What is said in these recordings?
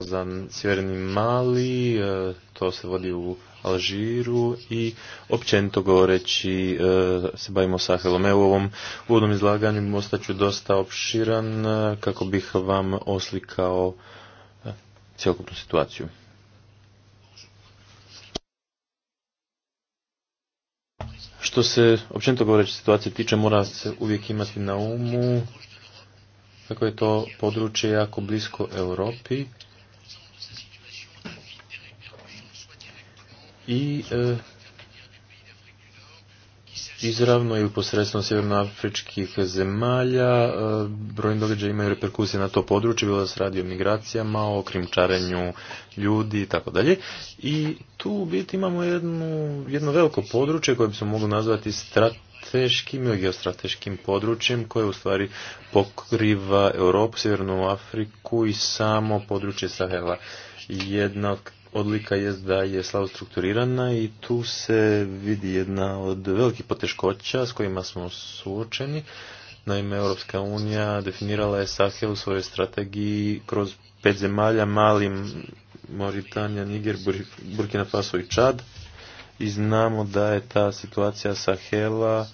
za Sjeverni Mali, e, to se vodi u Alžiru i općenito govoreći e, se bavimo Sahelom. Evo u ovom uvodnom izlaganju ostaću dosta opširan e, kako bih vam oslikao cjelokupnu situaciju. Što se općenito govoreći situacije tiče, mora se uvijek imati na umu kako je to područje jako blisko Europi i e, izravno ili posredstvom sjevernoafričkih zemalja. E, brojni događaj imaju reperkusije na to područje, bilo da se radi o migracijama, o krimčarenju ljudi i tako dalje. I tu u biti imamo jedno veliko područje koje bi se moglo nazvati strateškim ili geostrateškim područjem koje u stvari pokriva Europu, Sjevernu Afriku i samo područje Sahela. Jedna od odlika je da je slabo strukturirana i tu se vidi jedna od velikih poteškoća s kojima smo suočeni. Naime, Europska unija definirala je Sahel u svojoj strategiji kroz pet zemalja, Malim, Mauritanija, Niger, Burkina Faso i Čad. I znamo da je ta situacija Sahela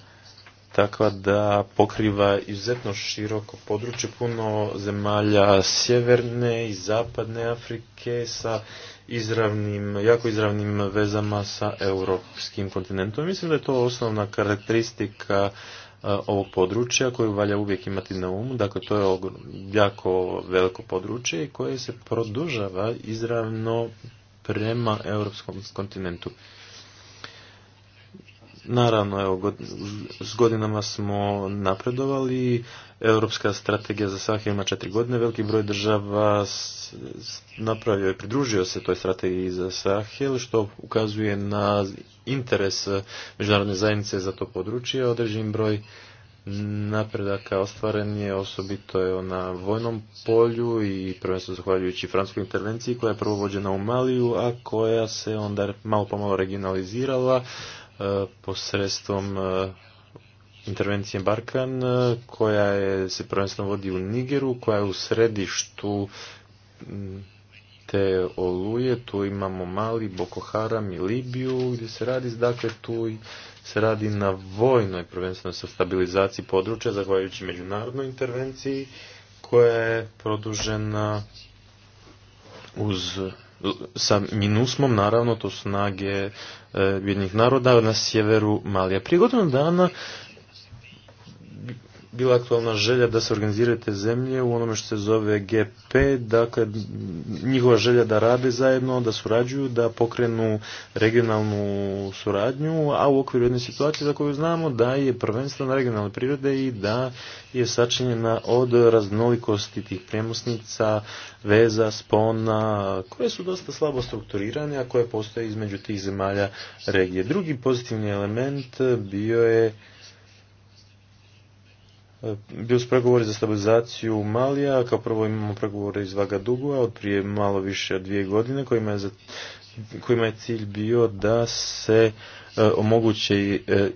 takva da pokriva izuzetno široko područje, puno zemalja sjeverne i zapadne Afrike sa izravnim, jako izravnim vezama sa europskim kontinentom. Mislim da je to osnovna karakteristika e, ovog područja koju valja uvijek imati na umu. Dakle, to je jako veliko područje koje se produžava izravno prema europskom kontinentu. Naravno, evo, s godinama smo napredovali, Europska strategija za Sahel ima četiri godine, veliki broj država napravio i pridružio se toj strategiji za Sahel, što ukazuje na interes međunarodne zajednice za to područje, određen broj napredaka ostvaren je osobito je na vojnom polju i prvenstveno zahvaljujući francuskoj intervenciji koja je vođena u Maliju, a koja se onda malo pomalo regionalizirala E, posredstvom e, intervencije Barkan e, koja je, se prvenstveno vodi u Nigeru, koja je u središtu te oluje, tu imamo Mali, Boko Haram i Libiju gdje se radi, dakle tu se radi na vojnoj prvenstveno sa stabilizaciji područja zahvaljujući međunarodnoj intervenciji koja je produžena uz sa Minusmom, naravno to snage vjednih e, naroda na sjeveru Malija. Prije godinu dana bila aktualna želja da se organizirate zemlje u onome što se zove GP, dakle njihova želja da rade zajedno, da surađuju, da pokrenu regionalnu suradnju, a u okviru jedne situacije za koju znamo da je na regionalne prirode i da je sačinjena od raznolikosti tih premosnica, veza, spona, koje su dosta slabo strukturirane, a koje postoje između tih zemalja regije. Drugi pozitivni element bio je bio su pregovori za stabilizaciju Malija, kao prvo imamo pregovore iz Vagadugua od prije malo više od dvije godine kojima je, kojima je cilj bio da se e, omoguće e,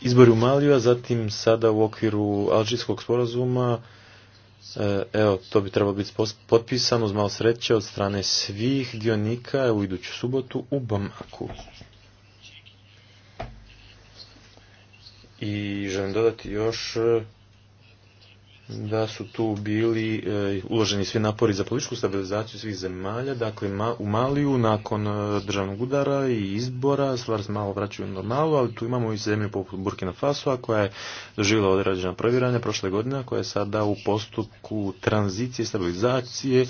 izbori u Maliju, a zatim sada u okviru Alžijskog sporazuma e, Evo, to bi trebalo biti potpisano uz malo sreće od strane svih dionika u iduću subotu u Bamaku. i želim dodati još e, da su tu bili e, uloženi svi napori za političku stabilizaciju svih zemalja, dakle u Maliju nakon e, državnog udara i izbora stvar se malo vraćaju u normalu, ali tu imamo i zemlju poput Burkina Faso koja je doživjela određena provjeranja prošle godine, koja je sada u postupku tranzicije, stabilizacije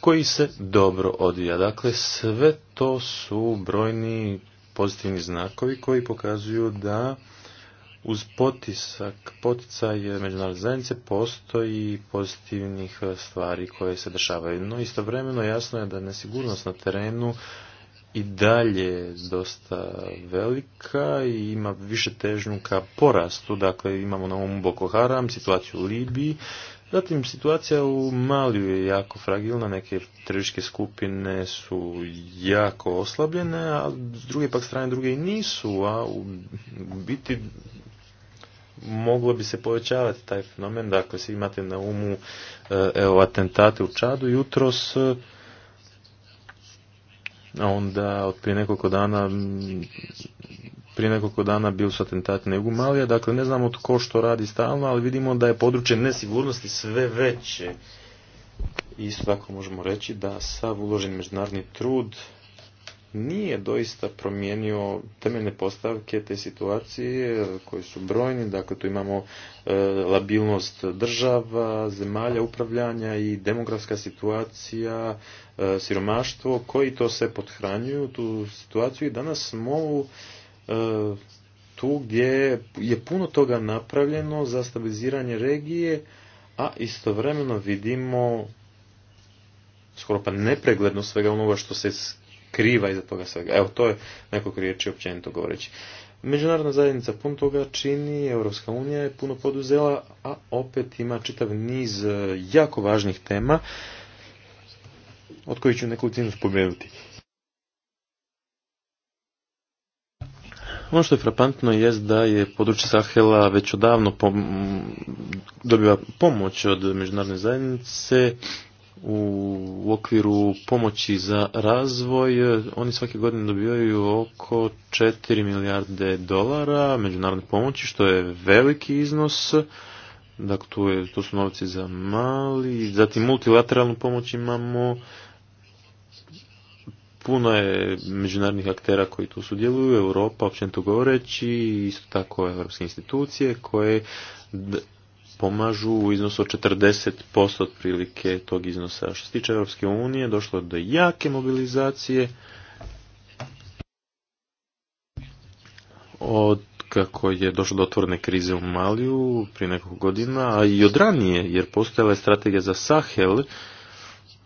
koji se dobro odvija. Dakle, sve to su brojni pozitivni znakovi koji pokazuju da uz potisak, poticaj međunarodne zajednice postoji pozitivnih e, stvari koje se dešavaju. No istovremeno jasno je da nesigurnost na terenu i dalje dosta velika i ima više težnju ka porastu. Dakle, imamo na ovom Boko Haram, situaciju u Libiji. Zatim, situacija u Maliju je jako fragilna, neke tržiške skupine su jako oslabljene, a s druge pak strane druge i nisu, a u biti moglo bi se povećavati taj fenomen. Dakle, se imate na umu e, evo, atentate u Čadu jutros, a onda od prije nekoliko dana prije nekoliko dana bili su atentati na Jugumalija, dakle ne znamo tko što radi stalno, ali vidimo da je područje nesigurnosti sve veće. Isto tako možemo reći da sav uložen međunarodni trud nije doista promijenio temeljne postavke te situacije koji su brojni, dakle tu imamo e, labilnost država, zemalja upravljanja i demografska situacija, e, siromaštvo, koji to sve podhranjuju tu situaciju i danas smo e, tu gdje je puno toga napravljeno za stabiliziranje regije, a istovremeno vidimo skoro pa nepregledno svega onoga što se kriva iza toga svega. Evo, to je nekog riječi općenito govoreći. Međunarodna zajednica puno toga čini, Europska unija je puno poduzela, a opet ima čitav niz e, jako važnih tema od kojih ću neku cijenu spomenuti. Ono što je frapantno je da je područje Sahela već odavno dobiva pomoć od međunarodne zajednice u okviru pomoći za razvoj e, oni svake godine dobivaju oko 4 milijarde dolara međunarodne pomoći što je veliki iznos dakle tu, je, tu su novci za mali zatim multilateralnu pomoć imamo puno je međunarodnih aktera koji tu sudjeluju, Europa općenito govoreći, isto tako europske institucije koje pomažu u iznosu od 40% otprilike tog iznosa. Što se tiče Europske unije, došlo je do jake mobilizacije od kako je došlo do otvorene krize u Maliju prije nekoliko godina, a i od ranije, jer postojala je strategija za Sahel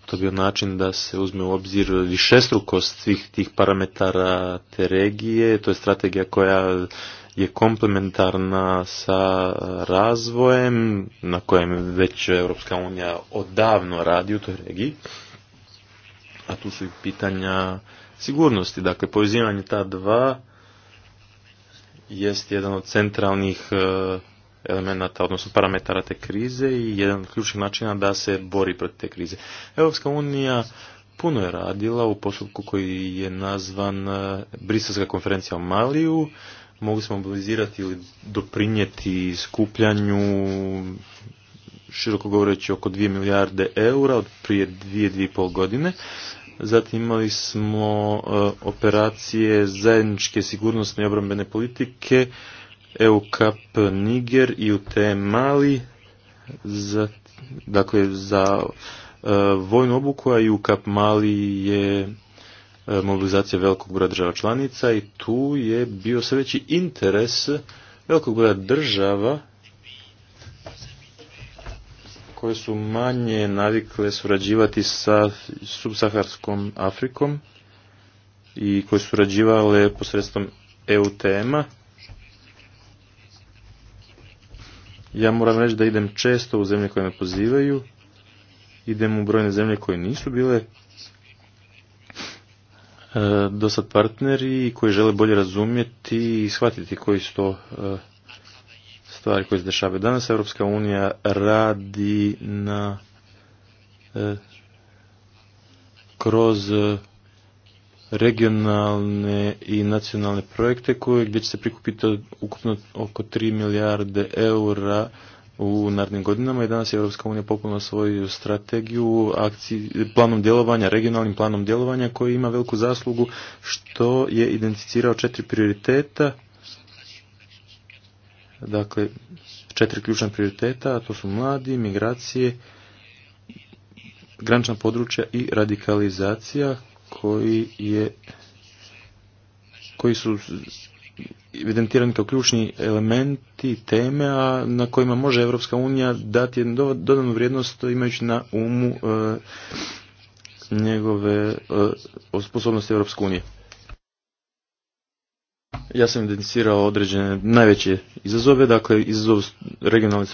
to bio način da se uzme u obzir višestrukost svih tih parametara te regije. To je strategija koja je komplementarna sa razvojem na kojem već Europska unija odavno radi u toj regiji. A tu su i pitanja sigurnosti. Dakle, povezivanje ta dva jest jedan od centralnih eh, elemenata, odnosno parametara te krize i jedan od ključnih načina da se bori protiv te krize. Europska unija puno je radila u postupku koji je nazvan e, Briselska konferencija o Maliju. Mogli smo mobilizirati ili doprinijeti skupljanju široko govoreći oko 2 milijarde eura od prije 2-2,5 godine. Zatim imali smo e, operacije zajedničke sigurnosne i obrambene politike EUCAP Niger i u te Mali za, dakle za e, vojnu obuku, a i u Kap Mali je e, mobilizacija velikog broja država članica i tu je bio sve veći interes velikog broja država koje su manje navikle surađivati sa subsaharskom Afrikom i koje su surađivale posredstvom EU tema Ja moram reći da idem često u zemlje koje me pozivaju, idem u brojne zemlje koje nisu bile e, do sad partneri koji žele bolje razumjeti i shvatiti koji su to e, stvari koje se dešavaju. Danas Europska unija radi na e, kroz regionalne i nacionalne projekte koje, gdje će se prikupiti ukupno oko 3 milijarde eura u narednim godinama i danas je Europska unija popunila svoju strategiju akciji, planom djelovanja, regionalnim planom djelovanja koji ima veliku zaslugu što je identificirao četiri prioriteta dakle četiri ključna prioriteta a to su mladi, migracije granična područja i radikalizacija koji je koji su evidentirani kao ključni elementi teme a na kojima može Europska unija dati jednu dodanu vrijednost imajući na umu e, njegove e, sposobnosti Europske unije. Ja sam identificirao određene najveće izazove, dakle izazov regionalne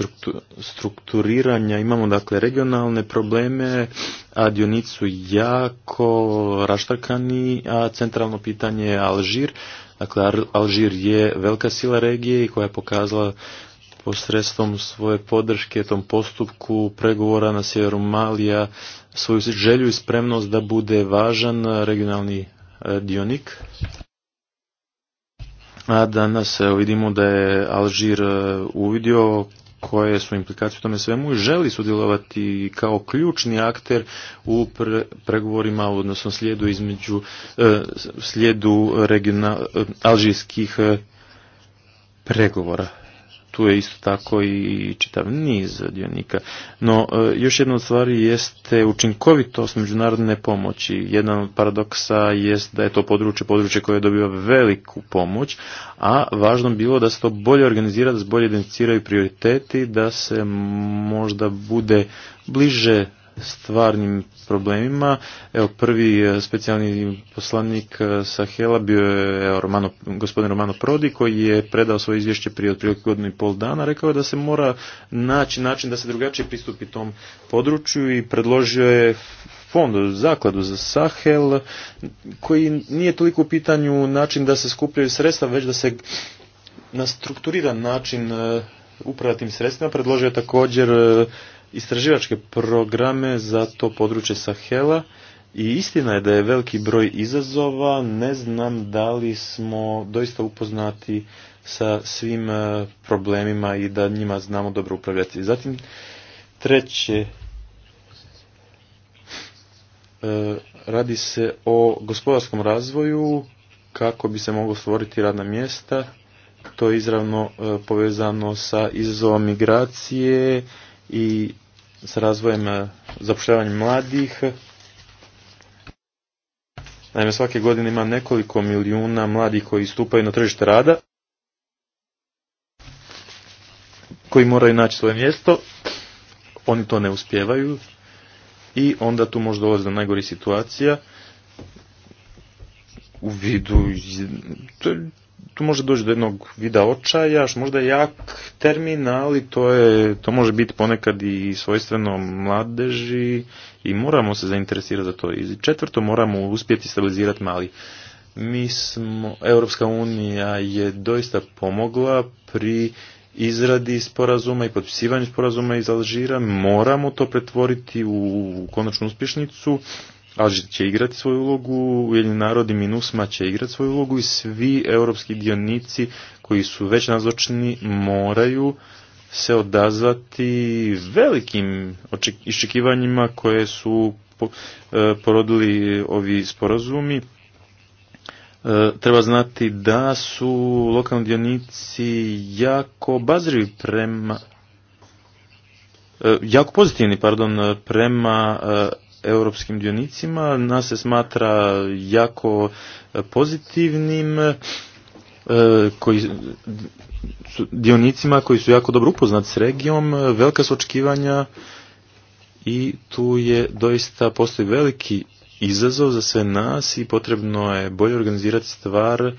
strukturiranja, imamo dakle regionalne probleme, a dionicu jako raštarkani, a centralno pitanje je Alžir. Dakle, Alžir je velika sila regije i koja je pokazala posredstvom svoje podrške tom postupku pregovora na sjeveru Malija svoju želju i spremnost da bude važan regionalni e, dionik a danas vidimo da je Alžir e, uvidio koje su implikacije u tome svemu i želi sudjelovati kao ključni akter u pregovorima, odnosno slijedu između e, slijedu e, alžirskih pregovora tu je isto tako i čitav niz dionika. No, e, još jedna od stvari jeste učinkovitost međunarodne pomoći. Jedan od paradoksa jest da je to područje, područje koje dobiva veliku pomoć, a važno bilo da se to bolje organizira, da se bolje identificiraju prioriteti, da se možda bude bliže stvarnim problemima. Evo prvi e, specijalni poslanik e, Sahela bio je Romano, gospodin Romano Prodi koji je predao svoje izvješće prije otprilike godinu i pol dana. Rekao je da se mora naći način da se drugačije pristupi tom području i predložio je fond, zakladu za Sahel koji nije toliko u pitanju način da se skupljaju sredstva već da se na strukturiran način e, upravlja sredstvima. Predložio je također istraživačke programe za to područje Sahela i istina je da je veliki broj izazova. Ne znam da li smo doista upoznati sa svim e, problemima i da njima znamo dobro upravljati. Zatim, treće, e, radi se o gospodarskom razvoju kako bi se moglo stvoriti radna mjesta. To je izravno e, povezano sa izazovom migracije i s razvojem e, zapošljavanja mladih. Naime, svake godine ima nekoliko milijuna mladih koji stupaju na tržište rada, koji moraju naći svoje mjesto, oni to ne uspjevaju i onda tu možda dolazi do najgori situacija u vidu, tu može doći do jednog vida očaja, možda jak termin, ali to, je, to može biti ponekad i svojstveno mladeži i moramo se zainteresirati za to. I četvrto, moramo uspjeti stabilizirati mali. Mi smo, Europska unija je doista pomogla pri izradi sporazuma i potpisivanju sporazuma iz Alžira. Moramo to pretvoriti u konačnu uspješnicu Alžir će igrati svoju ulogu, Ujedinjeni narodi Minusma će igrati svoju ulogu i svi europski dionici koji su već nazočni moraju se odazvati velikim iščekivanjima koje su e, porodili ovi sporazumi. E, treba znati da su lokalni dionici jako bazrivi prema e, jako pozitivni, pardon, prema europskim dionicima. Nas se smatra jako pozitivnim e, koji dionicima koji su jako dobro upoznati s regijom, velika su očekivanja i tu je doista postoji veliki izazov za sve nas i potrebno je bolje organizirati stvar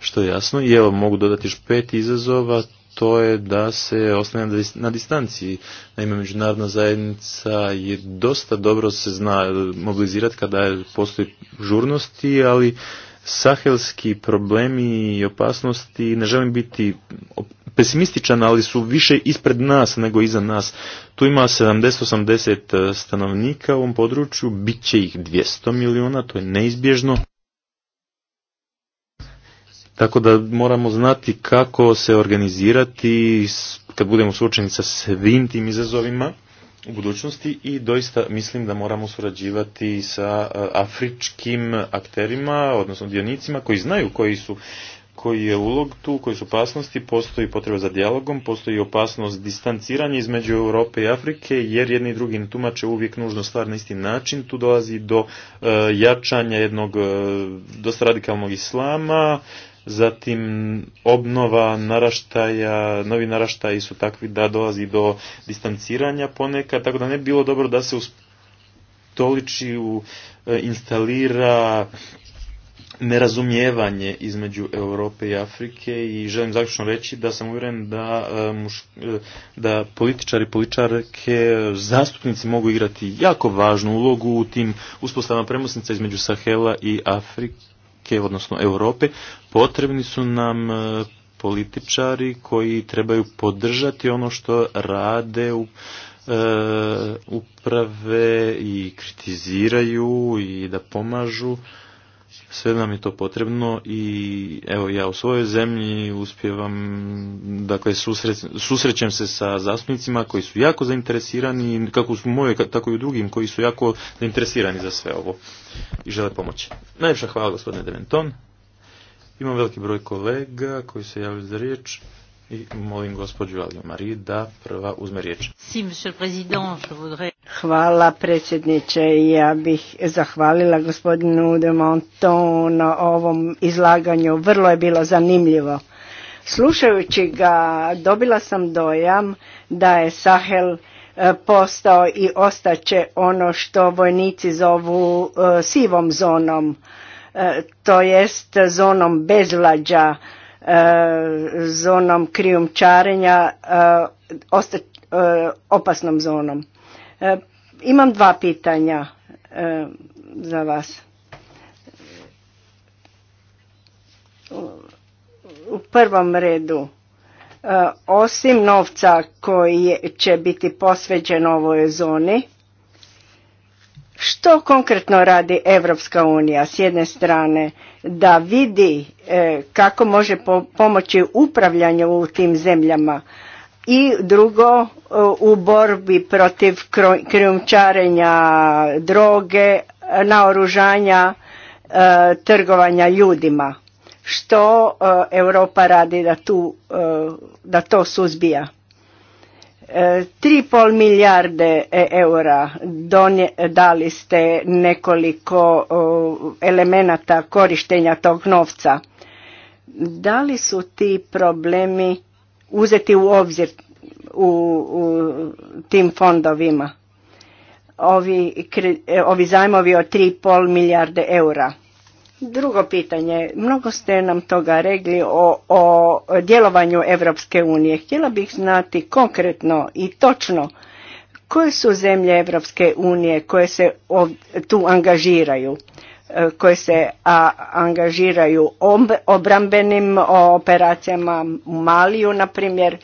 što je jasno. I evo mogu dodati još pet izazova, to je da se ostane na distanciji. Naime, međunarodna zajednica je dosta dobro se zna mobilizirati kada postoji žurnosti, ali sahelski problemi i opasnosti, ne želim biti pesimističan, ali su više ispred nas nego iza nas. Tu ima 70-80 stanovnika u ovom području, bit će ih 200 milijuna, to je neizbježno. Tako da moramo znati kako se organizirati kad budemo suočeni sa svim tim izazovima u budućnosti i doista mislim da moramo surađivati sa afričkim akterima, odnosno dionicima koji znaju koji su koji je ulog tu, koji su opasnosti, postoji potreba za dijalogom, postoji opasnost distanciranja između Europe i Afrike, jer jedni i drugi tumače uvijek nužno stvar na isti način. Tu dolazi do e, jačanja jednog e, dosta radikalnog islama, zatim obnova naraštaja, novi naraštaji su takvi da dolazi do distanciranja ponekad, tako da ne bi bilo dobro da se u e, instalira nerazumijevanje između Europe i Afrike i želim zaključno reći da sam uvjeren da, e, e, da političari, političarke, zastupnici mogu igrati jako važnu ulogu u tim uspostavama premosnica između Sahela i Afrike Amerike, odnosno Europe, potrebni su nam e, političari koji trebaju podržati ono što rade u e, uprave i kritiziraju i da pomažu sve nam je to potrebno i evo ja u svojoj zemlji uspijevam, dakle susrećem se sa zastupnicima koji su jako zainteresirani, kako su moje, tako i u drugim koji su jako zainteresirani za sve ovo i žele pomoći. Najljepša hvala gospodine Deventon. Imam veliki broj kolega koji se javljaju za riječ. I molim gospođu da prva uzme riječ. Hvala predsjedniče. Ja bih zahvalila gospodinu de Monton na ovom izlaganju. Vrlo je bilo zanimljivo. Slušajući ga dobila sam dojam da je Sahel e, postao i ostaće ono što vojnici zovu e, sivom zonom, e, to jest zonom bezvlađa E, zonom krijumčarenja e, e, opasnom zonom. Imam dva pitanja za vas. U prvom redu, osim novca koji će biti posveđen ovoj zoni, što konkretno radi Evropska unija s jedne strane da vidi e, kako može pomoći upravljanju u tim zemljama i drugo e, u borbi protiv krijumčarenja droge, naoružanja, e, trgovanja ljudima. Što Europa radi da, tu, da to suzbija? 3,5 milijarde e, eura dali ste nekoliko elemenata korištenja tog novca. Da li su ti problemi uzeti u obzir u, tim fondovima? Ovi, e, zajmovi od 3,5 milijarde eura. Drugo pitanje, mnogo ste nam toga regli o, o djelovanju Europske unije. Htjela bih znati konkretno i točno koje su zemlje Europske unije koje se tu angažiraju, e, koje se angažiraju obrambenim operacijama u Maliju, na primjer.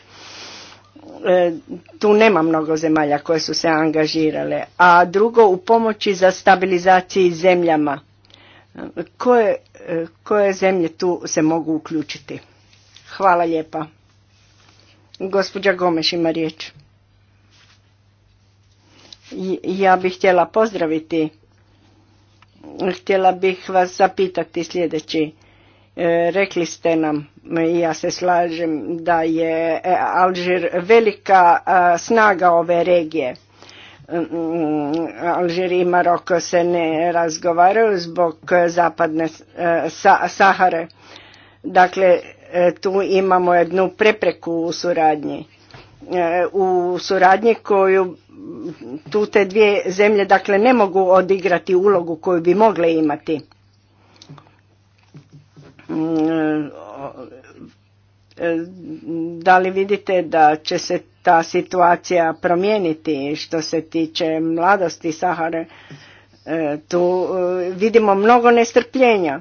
E, tu nema mnogo zemalja koje su se angažirale. A drugo, u pomoći za stabilizaciji zemljama koje, e, koje zemlje tu se mogu uključiti. Hvala lijepa. Gospođa Gomeš ima riječ. Ja bih htjela pozdraviti, htjela bih vas zapitati sljedeći. E, rekli ste nam, ja se slažem, da je e, Alžir velika snaga ove regije. Mm, Alžir i Maroko se ne razgovaraju zbog zapadne eh, Sahare. Dakle, eh, tu imamo jednu prepreku u suradnji. Eh, u suradnji koju tu te dvije zemlje dakle ne mogu odigrati ulogu koju bi mogle imati. Mm, da li vidite da će se ta situacija promijeniti što se tiče mladosti Sahare. E, tu e, vidimo mnogo nestrpljenja. E,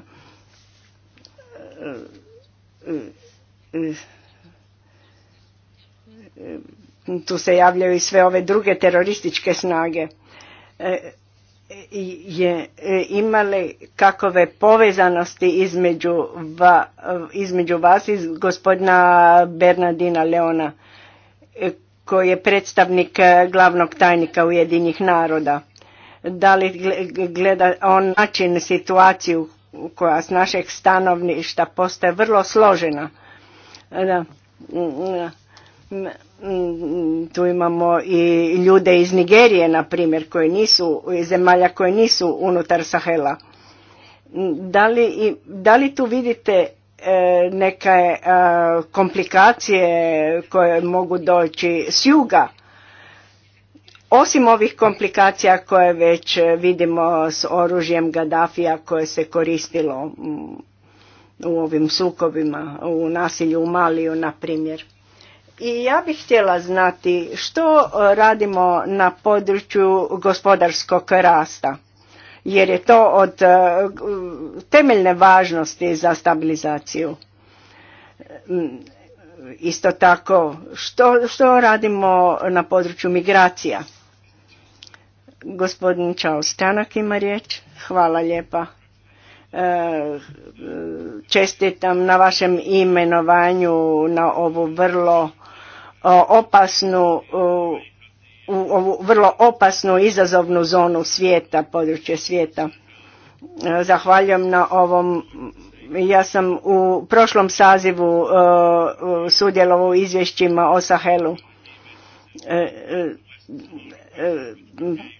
tu se javljaju i sve ove druge terorističke snage. Je, imali kakove povezanosti između, va, između vas i gospodina Bernardina Leona? koji je predstavnik eh, glavnog tajnika Ujedinjih naroda. Da li gleda on način situaciju koja s našeg stanovništa postaje vrlo složena. Eh, da. Mm, mm, mm, tu imamo i ljude iz Nigerije, na primjer, koji nisu, zemalja koje nisu unutar Sahela. Da li, da li tu vidite E, neke e, komplikacije koje mogu doći s juga. Osim ovih komplikacija koje već vidimo s oružjem Gaddafija koje se koristilo u ovim sukobima, u nasilju u Maliju, na primjer. I ja bih htjela znati što radimo na području gospodarskog rasta jer je to od e, temeljne važnosti za stabilizaciju. Mm, isto tako, što, što radimo na području migracija? Gospodin Čao Stanak ima riječ. Hvala lijepa. E, čestitam na vašem imenovanju na ovu vrlo e, opasnu u ovu vrlo opasnu izazovnu zonu svijeta, područje svijeta. E, zahvaljujem na ovom ja sam u prošlom sazivu e, sudjelovao u izvješćima o Sahelu. E,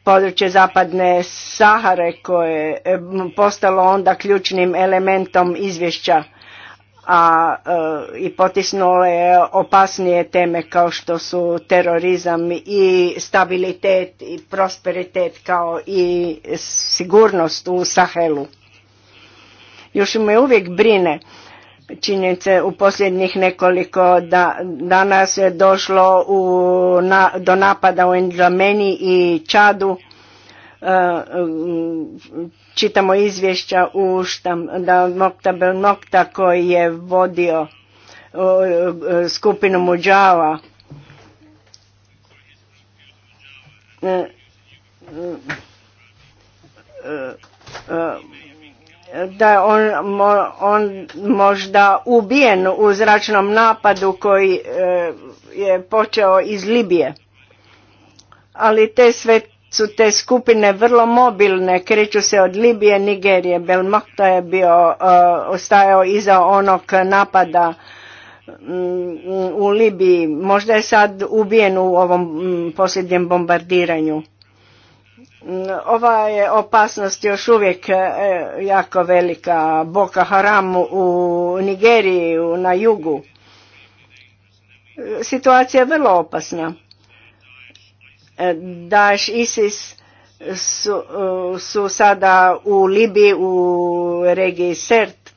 područje zapadne Sahare koje je postalo onda ključnim elementom izvješća a e, i potisnule je opasnije teme kao što su terorizam i stabilitet i prosperitet kao i sigurnost u Sahelu. Još me uvijek brine činjenice u posljednjih nekoliko da, danas je došlo u, do napada u Endžameni i Čadu Eh, mm, čitamo izvješća u da Nokta koji je vodio eh, skupinu Muđava eh, da je on, on možda ubijen u zračnom napadu koji je počeo iz Libije. Ali te sve su te skupine vrlo mobilne, kreću se od Libije, Nigerije, to je bio, uh, ostajao iza onog napada mm, u Libiji, možda je sad ubijen u ovom mm, posljednjem bombardiranju. Mm, ova je opasnost još uvijek e, jako velika, Boka Haram u Nigeriji, na jugu. E, situacija je vrlo opasna. Daš ISIS su, su sada u Libiji u regiji Sert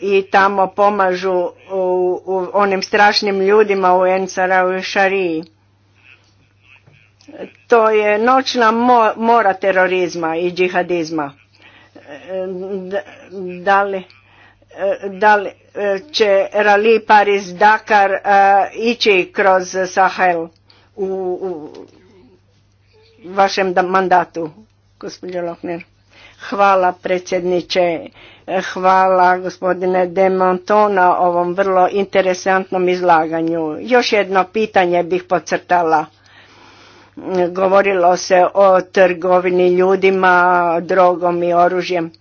i tamo pomažu u, onim strašnim ljudima u encara u Šariji. To je noćna mora terorizma i džihadizma. E, da li, e, da li će Rali Paris Dakar e, ići kroz Sahel u vašem mandatu, gospođo Hvala predsjedniče, e, hvala gospodine Monton, na ovom vrlo interesantnom izlaganju. Još jedno pitanje bih podcrtala. Govorilo se o trgovini ljudima, drogom i oružjem.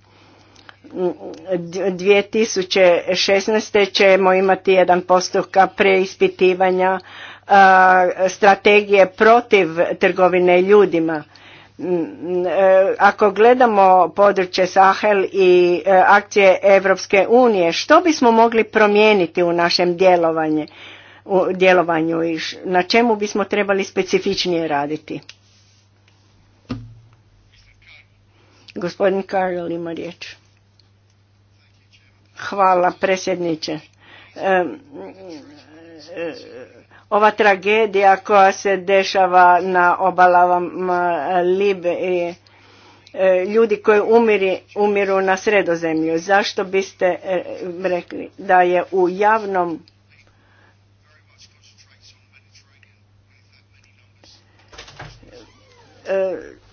2016. ćemo imati jedan postupak preispitivanja strategije protiv trgovine ljudima. Mm, e, ako gledamo područje Sahel i e, akcije Europske unije, što bismo mogli promijeniti u našem djelovanju, u djelovanju i na čemu bismo trebali specifičnije raditi? Gospodin Karl ima riječ. Hvala predsjedniče. E, ova tragedija koja se dešava na obalavama Libe i e, e, ljudi koji umiri, umiru na sredozemlju. Zašto biste rekli da je u javnom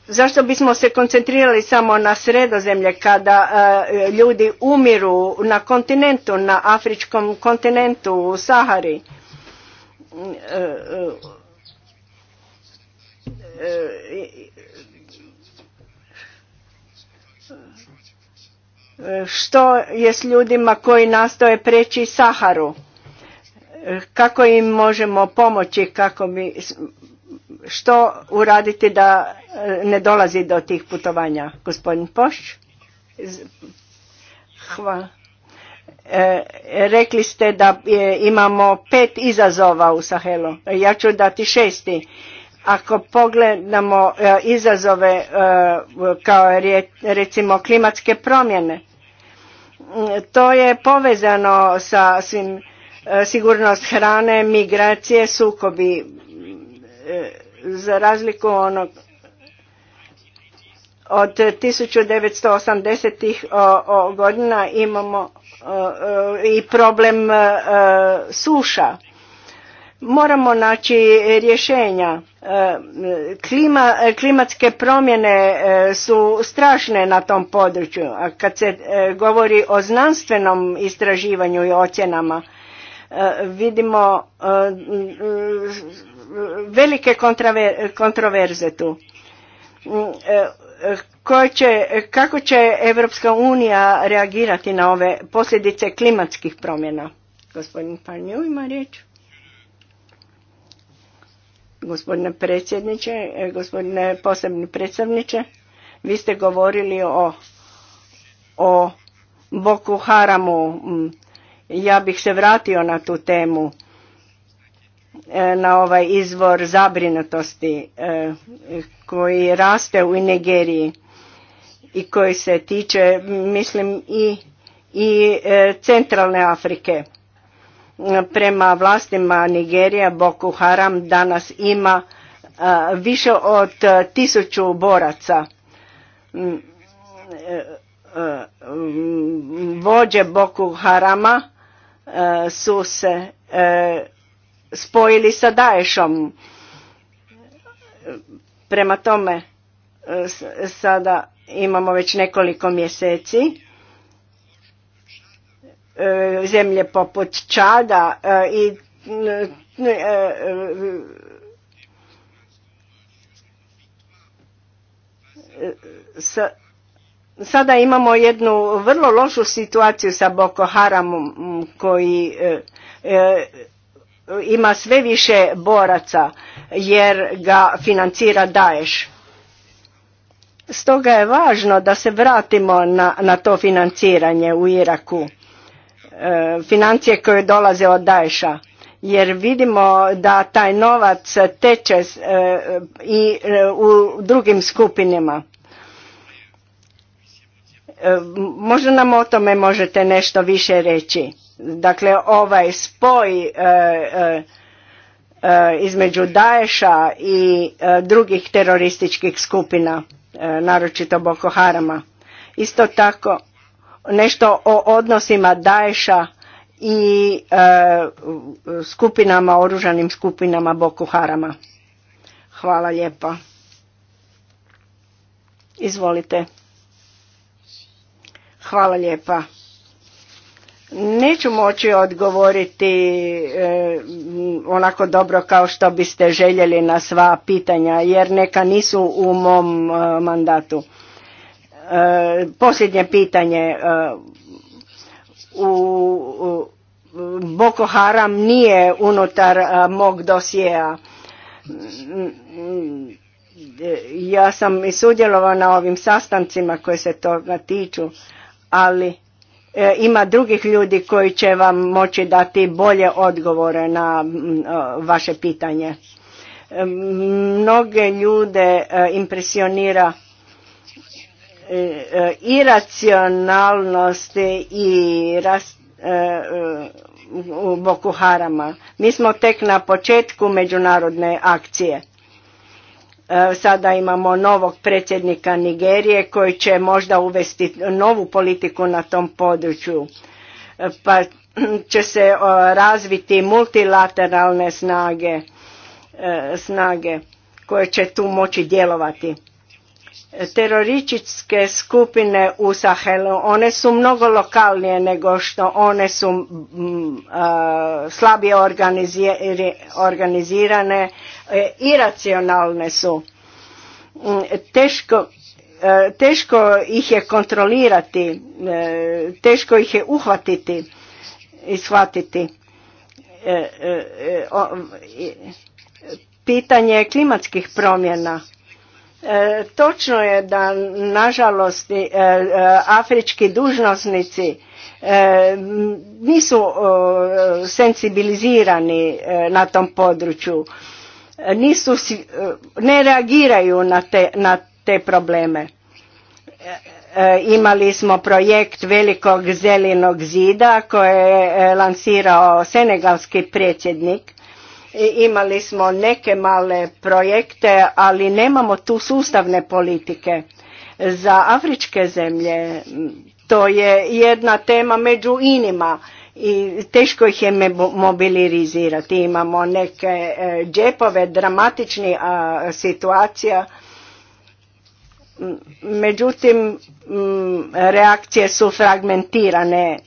Zašto bismo se koncentrirali samo na sredozemlje kada e, ljudi umiru na kontinentu, na afričkom kontinentu, u Sahari? E, e, što je s ljudima koji nastoje preći Saharu? Kako im možemo pomoći kako bi što uraditi da e, ne dolazi do tih putovanja? Gospodin Poš? Hvala. E, rekli ste da e, imamo pet izazova u Sahelu. Ja ću dati šesti. Ako pogledamo e, izazove kao recimo klimatske promjene, to je povezano sa svim sigurnost hrane, migracije, sukobi za razliku onog od 1980-ih godina imamo i problem e, suša. Moramo naći rješenja. E, klimatske promjene e, su strašne na tom području. A kad se govori o znanstvenom istraživanju i ocjenama, vidimo velike kontroverze tu mm, e, će, kako će Europska unija reagirati na ove posljedice klimatskih promjena? Gospodin Parnju ima riječ. Gospodine predsjedniče, e, gospodine posebni predstavniče, vi ste govorili o, o Boku Haramu. Mm, ja bih se vratio na tu temu E, na ovaj izvor zabrinutosti e, koji raste u Nigeriji i koji se tiče mislim i, i e, centralne Afrike. Prema vlastima Nigerija Boko Haram danas ima više od tisuću boraca. Mm, mm, vođe Boko Harama su se spojili sa Daješom. Prema tome, e, sada imamo već nekoliko mjeseci e, zemlje poput Čada e, i sada imamo jednu vrlo lošu situaciju sa Boko Haramom koji ima sve više boraca jer ga financira Daješ. Stoga je važno da se vratimo na, na to financiranje u Iraku. E, financije koje dolaze od Daesha. Jer vidimo da taj novac teče e, i e, u drugim skupinama. Možda nam o tome možete nešto više reći Dakle, ovaj spoj e, e, e, između Daesha i drugih terorističkih skupina, naročito Boko Harama. Isto tako nešto o odnosima Daesha i skupinama, oružanim skupinama Boko Harama. Hvala lijepa. Izvolite. Hvala lijepa. Neću moći odgovoriti e, onako dobro kao što biste željeli na sva pitanja jer neka nisu u mom e, mandatu. E, posljednje pitanje e, u, u Boko Haram nije unutar mog dosjea. Ja sam i sudjelovao na ovim sastancima koje se toga tiču, ali E, ima drugih ljudi koji će vam moći dati bolje odgovore na e, vaše pitanje. E, mnoge ljude impresionira iracionalnost i rast u Boku Harama. Mi smo tek na početku međunarodne akcije. E, sada imamo novog predsjednika Nigerije koji će možda uvesti novu politiku na tom području. E, pa će se e, razviti multilateralne snage, snage koje će tu moći djelovati terorističke skupine u Sahelu, one su mnogo lokalnije nego što one su mm, slabije organizirane, e, iracionalne su. Mm, teško, e, teško ih je kontrolirati, e, teško ih je uhvatiti i shvatiti. pitanje klimatskih promjena E, točno je da, nažalost, e, e, afrički dužnosnici nisu sensibilizirani na tom području, nisu, ne reagiraju na te, na te probleme. Imali smo projekt velikog zelenog zida koje je lansirao senegalski predsjednik Imali smo neke male projekte, ali nemamo tu sustavne politike. Za afričke zemlje to je jedna tema među inima i teško ih je mobilizirati. Imamo neke e, džepove, dramatični situacija. Međutim, reakcije su fragmentirane.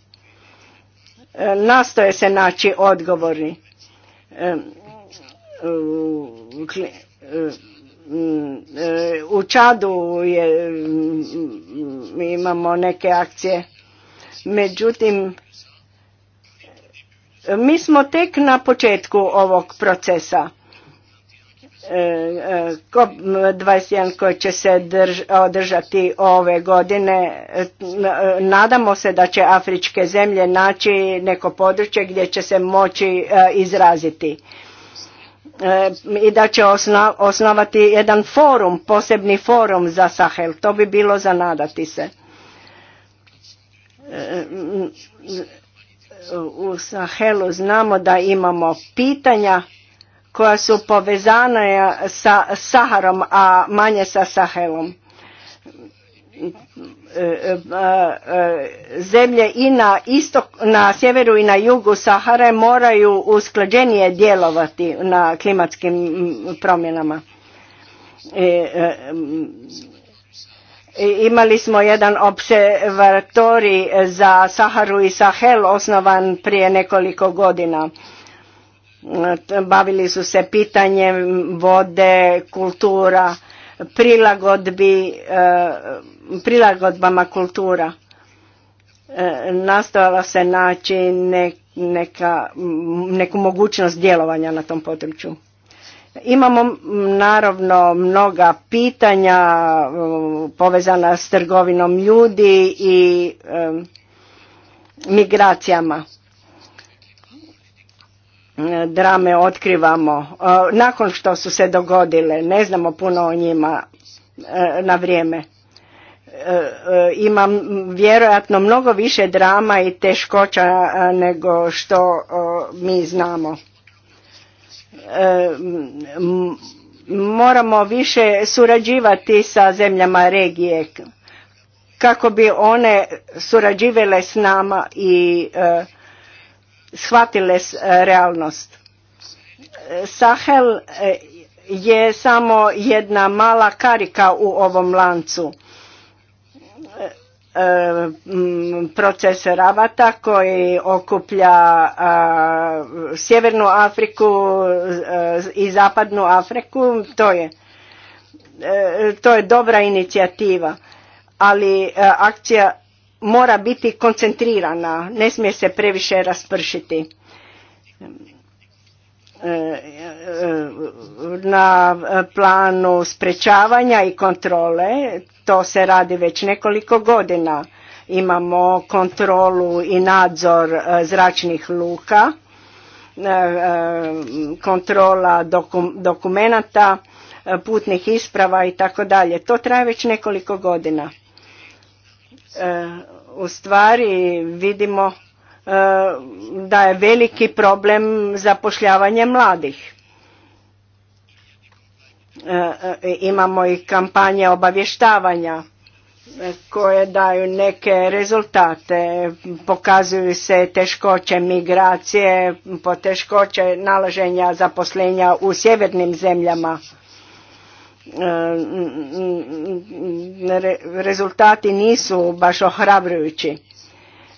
E, nastoje se naći odgovori. E, u Čadu je, mm, mm, imamo neke akcije. Međutim, mi smo tek na početku ovog procesa. COP21 e, e, koji će se održati ove godine. E, nadamo se da će afričke zemlje naći neko područje gdje će se moći izraziti. E, i da će osnovati jedan forum, posebni forum za Sahel. To bi bilo za nadati se. E, u Sahelu znamo da imamo pitanja koja su povezana sa Saharom, a manje sa Sahelom. E, e, e, zemlje i na, na sjeveru i na jugu Sahare moraju usklađenije djelovati na klimatskim promjenama. Imali smo jedan observatorij za Saharu i Sahel osnovan prije nekoliko godina. Bavili su se pitanjem vode, kultura, prilagodbi, e, prilagodbama kultura. E, nastojala se naći neku mogućnost djelovanja na tom području. Imamo naravno mnoga pitanja povezana s trgovinom ljudi i e, migracijama drame otkrivamo e, nakon što su se dogodile. Ne znamo puno o njima e, na vrijeme. E, imam vjerojatno mnogo više drama i teškoća nego što mi znamo. Moramo više surađivati sa zemljama regije kako bi one surađivele s nama i shvatile e, realnost. E, Sahel e, je samo jedna mala karika u ovom lancu. Proces Rabata koji okuplja Sjevernu Afriku i Zapadnu Afriku, to je, to je dobra inicijativa, ali akcija mora biti koncentrirana, ne smije se previše raspršiti e, e, e, na planu sprečavanja i kontrole. To se radi već nekoliko godina. Imamo kontrolu i nadzor zračnih luka, kontrola dokumenata, putnih isprava i tako dalje. To traje već nekoliko godina. E, u stvari vidimo e, da je veliki problem zapošljavanje mladih. E, imamo i kampanje obavještavanja koje daju neke rezultate. Pokazuju se teškoće migracije, poteškoće nalaženja zaposlenja u sjevernim zemljama. E, rezultati nisu baš ohrabrujući.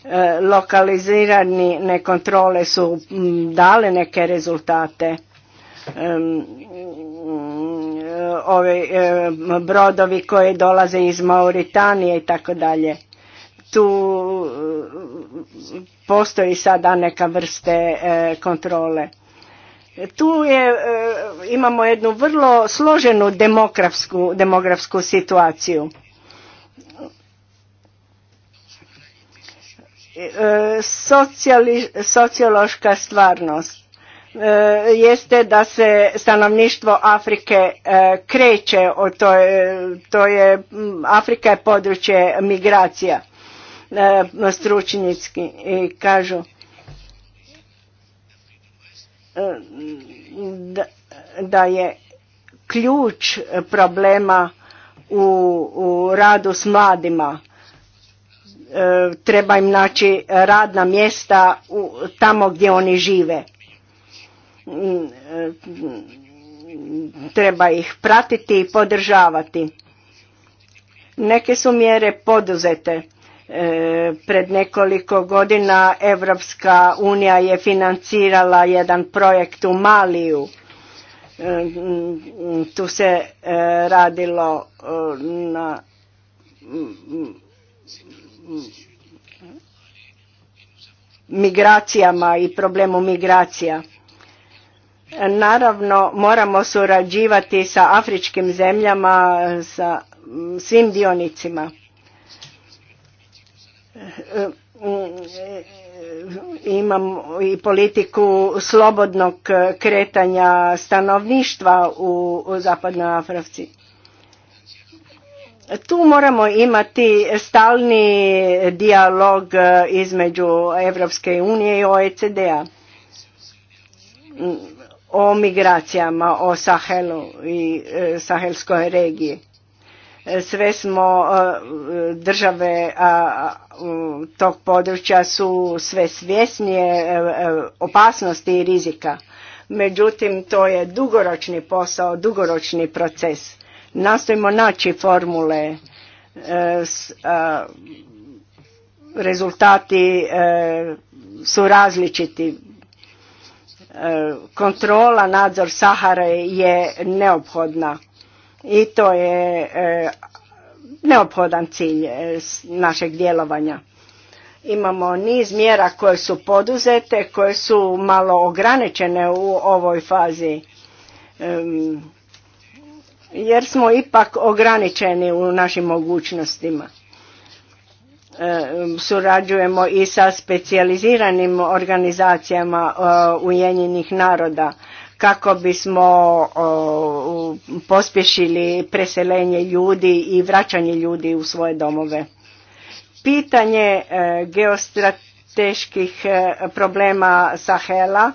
E, lokalizirani nekontrole su dale neke rezultate. E, ovi brodovi koji dolaze iz Mauritanije i tako dalje. Tu postoji sada neka vrste kontrole tu je, e, imamo jednu vrlo složenu demografsku, demografsku situaciju. E, sociološka stvarnost e, jeste da se stanovništvo Afrike kreće, to je, to je, Afrika je područje migracija i kažu E, da, je ključ problema u, radu s mladima e, treba im naći radna mjesta u, tamo gdje oni žive mm, e, treba ih pratiti i podržavati neke su mjere poduzete E, pred nekoliko godina Evropska unija je financirala jedan projekt u Maliju. E, tu se e, radilo na migracijama i problemu migracija. Naravno, moramo surađivati sa afričkim zemljama, sa svim dionicima. E, e, imam i politiku slobodnog kretanja stanovništva u zapadnoj Africi. Tu moramo imati stalni dijalog e, između Europske unije i OECD-a o migracijama, o Sahelu i sahelskoj regiji E, sve smo e, države tog područja su sve svjesnije e, opasnosti i rizika. Međutim, to je dugoročni posao, dugoročni proces. Nastojimo naći formule, rezultati su različiti. Kontrola, nadzor Sahare je neophodna i to je e, neophodan cilj e, našeg djelovanja. Imamo niz mjera koje su poduzete, koje su malo ograničene u ovoj fazi jer smo ipak ograničeni u našim mogućnostima. E, surađujemo i sa specijaliziranim organizacijama Ujedinjenih naroda kako bismo pospješili preselenje ljudi i vraćanje ljudi u svoje domove. Pitanje e, geostrateških e, problema Sahela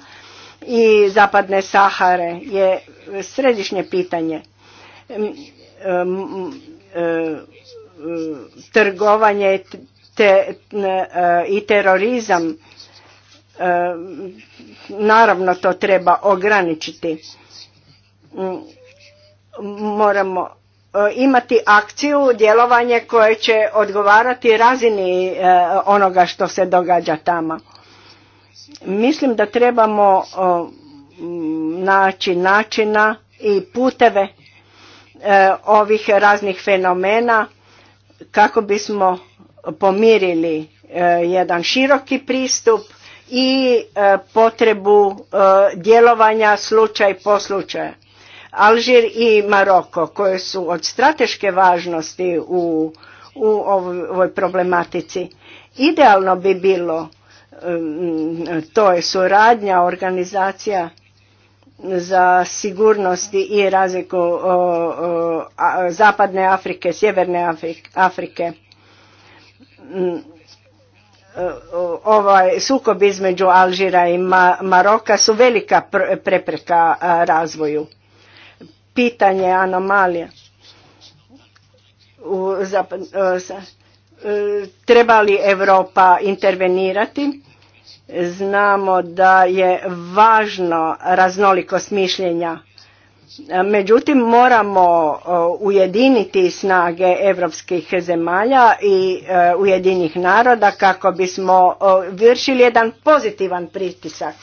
i zapadne Sahare je središnje pitanje. E, trgovanje i terorizam E, naravno to treba ograničiti. Mm, moramo e, imati akciju, djelovanje koje će odgovarati razini e, onoga što se događa tamo. Mislim da trebamo mm, naći načina i puteve ovih raznih fenomena kako bismo pomirili jedan široki pristup i e, potrebu e, djelovanja slučaj po slučaju. Alžir i Maroko koje su od strateške važnosti u, u ovoj problematici. Idealno bi bilo to je suradnja organizacija za sigurnosti i razliku zapadne Afrike, sjeverne Afrike Eh, ovaj sukob između Alžira i Maroka su velika prepreka eh, razvoju. Pitanje anomalija. U eh, treba li Europa intervenirati? Znamo da je važno raznolikost mišljenja E, međutim, moramo e, ujediniti snage evropskih zemalja i e, ujedinih naroda kako bismo vršili jedan pozitivan pritisak.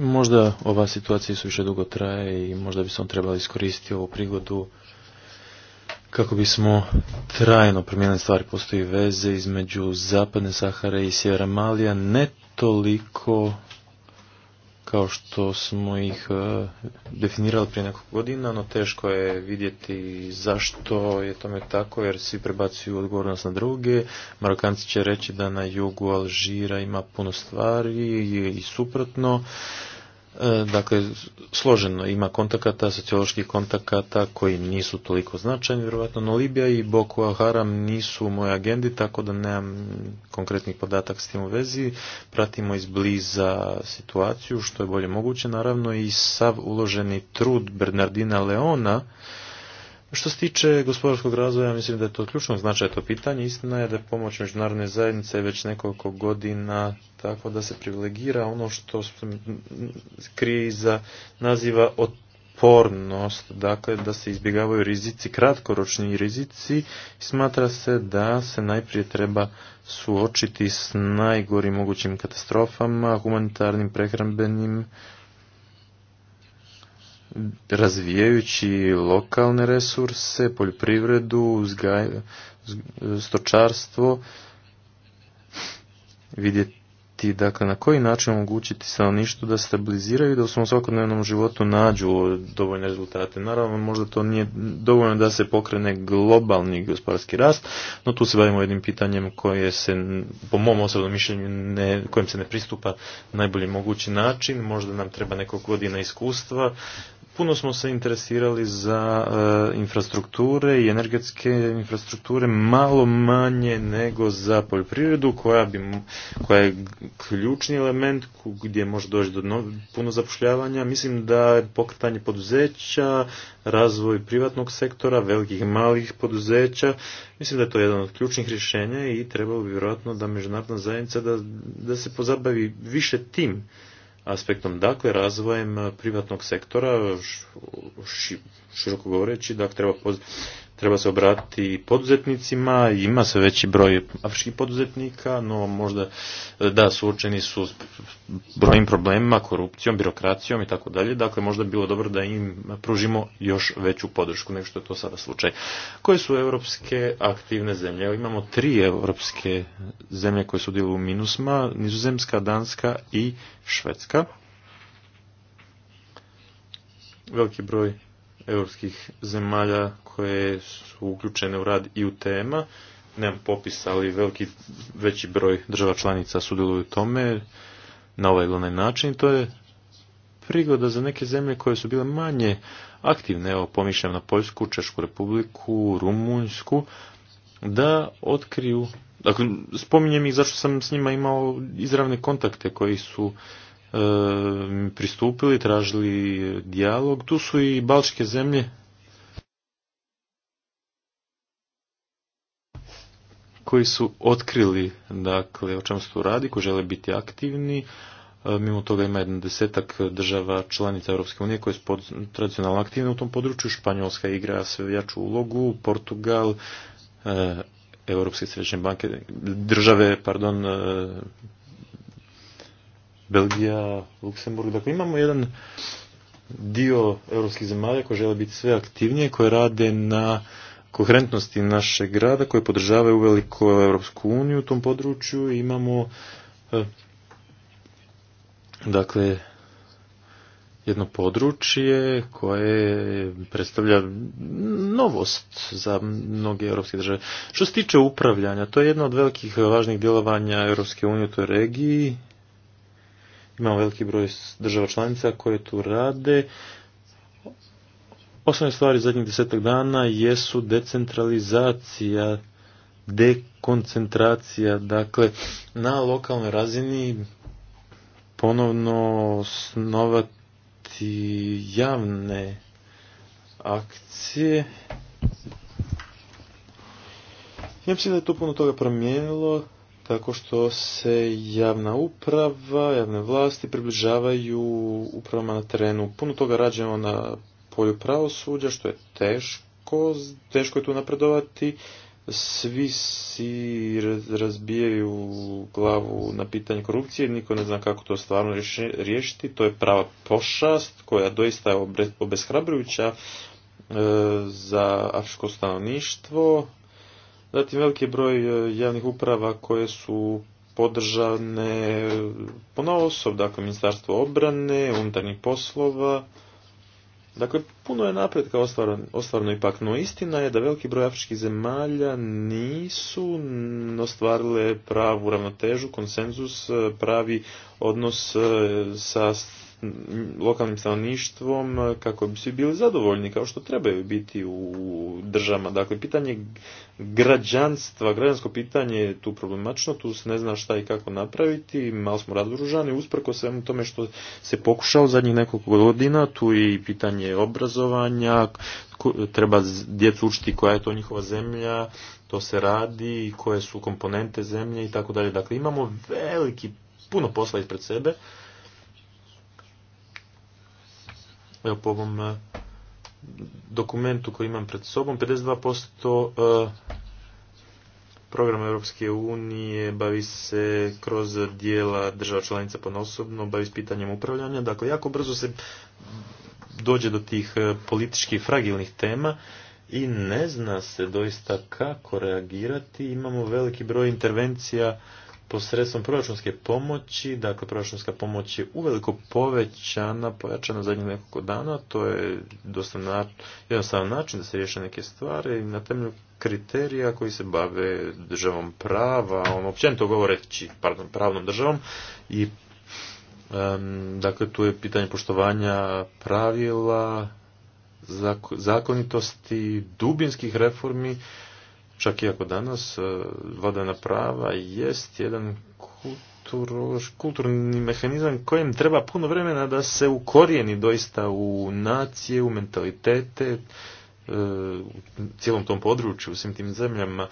Možda ova situacija više dugo traje i možda bismo trebali iskoristiti ovu prigodu kako bismo trajno promijenili stvari. Postoji veze između zapadne Sahare i sjevera Malija, ne toliko kao što smo ih e, definirali prije nekoliko godina, no teško je vidjeti zašto je tome tako, jer svi prebacuju odgovornost na druge. Marokanci će reći da na jugu Alžira ima puno stvari i suprotno. E, dakle, složeno ima kontakata, socioloških kontakata koji nisu toliko značajni, vjerojatno, no Libija i Boko Haram nisu u mojoj agendi, tako da nemam konkretnih podataka s tim u vezi. Pratimo izbliza situaciju, što je bolje moguće, naravno, i sav uloženi trud Bernardina Leona, što se tiče gospodarskog razvoja, mislim da je to ključno značaj to pitanje. Istina je da je pomoć međunarodne zajednice već nekoliko godina tako da se privilegira ono što kriza naziva otpornost, dakle da se izbjegavaju rizici, kratkoročni rizici. Smatra se da se najprije treba suočiti s najgorim mogućim katastrofama, humanitarnim, prehrambenim, razvijajući lokalne resurse, poljoprivredu, uzgaj, stočarstvo, vidjeti dakle, na koji način omogućiti stanovništvu da stabiliziraju i da u svom svakodnevnom životu nađu dovoljne rezultate. Naravno, možda to nije dovoljno da se pokrene globalni gospodarski rast, no tu se bavimo jednim pitanjem koje se, po mom osobnom mišljenju, ne, kojem se ne pristupa najbolji mogući način. Možda nam treba nekog godina iskustva puno smo se interesirali za e, infrastrukture i energetske infrastrukture malo manje nego za poljoprivredu koja, bi, koja je ključni element gdje može doći do puno zapošljavanja. Mislim da je pokretanje poduzeća, razvoj privatnog sektora, velikih i malih poduzeća, mislim da je to jedan od ključnih rješenja i trebalo bi vjerojatno da međunarodna zajednica da, da se pozabavi više tim aspektom, dakle razvojem privatnog sektora, široko govoreći, dakle treba treba se obratiti poduzetnicima, ima se veći broj afričkih poduzetnika, no možda e, da suočeni su s brojim problemima, korupcijom, birokracijom i tako dalje, dakle možda bi bilo dobro da im pružimo još veću podršku nego što je to sada slučaj. Koje su europske aktivne zemlje? Evo, imamo tri europske zemlje koje su u minusma, Nizozemska, Danska i Švedska. Veliki broj europskih zemalja koje su uključene u rad i u tema. Nemam popis, ali veliki, veći broj država članica sudjeluju u tome na ovaj ili način. To je prigoda za neke zemlje koje su bile manje aktivne, evo pomišljam na Poljsku, Češku republiku, Rumunjsku, da otkriju, dakle spominjem ih zašto sam s njima imao izravne kontakte koji su E, pristupili, tražili dijalog. Tu su i balčke zemlje koji su otkrili dakle, o čemu se tu radi, koji žele biti aktivni. E, mimo toga ima jedan desetak država članica Europske unije koje su tradicionalno aktivne u tom području. Španjolska igra sve jaču ulogu, Portugal, e, Europske središnje banke, države, pardon, Belgija, Luksemburg. Dakle, imamo jedan dio europskih zemalja koje žele biti sve aktivnije, koje rade na koherentnosti našeg grada, koje podržavaju veliku Europsku uniju u tom području. Imamo eh, dakle jedno područje koje predstavlja novost za mnoge europske države. Što se tiče upravljanja, to je jedno od velikih važnih djelovanja Europske unije u toj regiji Imamo veliki broj država članica koje tu rade. Osnovne stvari zadnjih desetak dana jesu decentralizacija, dekoncentracija, dakle na lokalnoj razini ponovno osnovati javne akcije. Ja mislim da je to puno toga promijenilo tako što se javna uprava, javne vlasti približavaju upravama na terenu. Puno toga rađeno na polju pravosuđa, što je teško, teško je tu napredovati. Svi si razbijaju glavu na pitanje korupcije, niko ne zna kako to stvarno riješiti. To je prava pošast koja doista je obeshrabrujuća e, za afriško stanovništvo, Zatim veliki broj e, javnih uprava koje su podržane ponovo osob, dakle Ministarstvo obrane, unutarnjih poslova. Dakle, puno je napretka ostvarno ipak, no istina je da veliki broj afričkih zemalja nisu ostvarile pravu ravnotežu, konsenzus, e, pravi odnos e, sa lokalnim stanovništvom eh, kako bi svi bili zadovoljni kao što trebaju biti u državama. Dakle, pitanje građanstva, građansko pitanje je tu problematično, tu se ne zna šta i kako napraviti, malo smo razoružani, usprko svemu tome što se pokušao zadnjih nekoliko godina, tu i pitanje obrazovanja, treba djecu učiti koja je to njihova zemlja, to se radi, koje su komponente zemlje i tako dalje. Dakle, imamo veliki, puno posla ispred sebe, evo po ovom e, dokumentu koji imam pred sobom, 52% e, programa Europske unije bavi se kroz dijela država članica ponosobno, bavi se pitanjem upravljanja. Dakle, jako brzo se dođe do tih e, političkih fragilnih tema i ne zna se doista kako reagirati. Imamo veliki broj intervencija posredstvom proračunske pomoći, dakle proračunska pomoć je uveliko povećana, pojačana zadnjih nekoliko dana, to je dosta na, jednostavan način da se riješe neke stvari na temelju kriterija koji se bave državom prava, on općenito govoreći, pardon, pravnom državom i dakle tu je pitanje poštovanja pravila, zakonitosti, dubinskih reformi Čak iako danas e, vodena prava jest jedan kulturni mehanizam kojem treba puno vremena da se ukorijeni doista u nacije, u mentalitete, e, u cijelom tom području, u svim tim zemljama.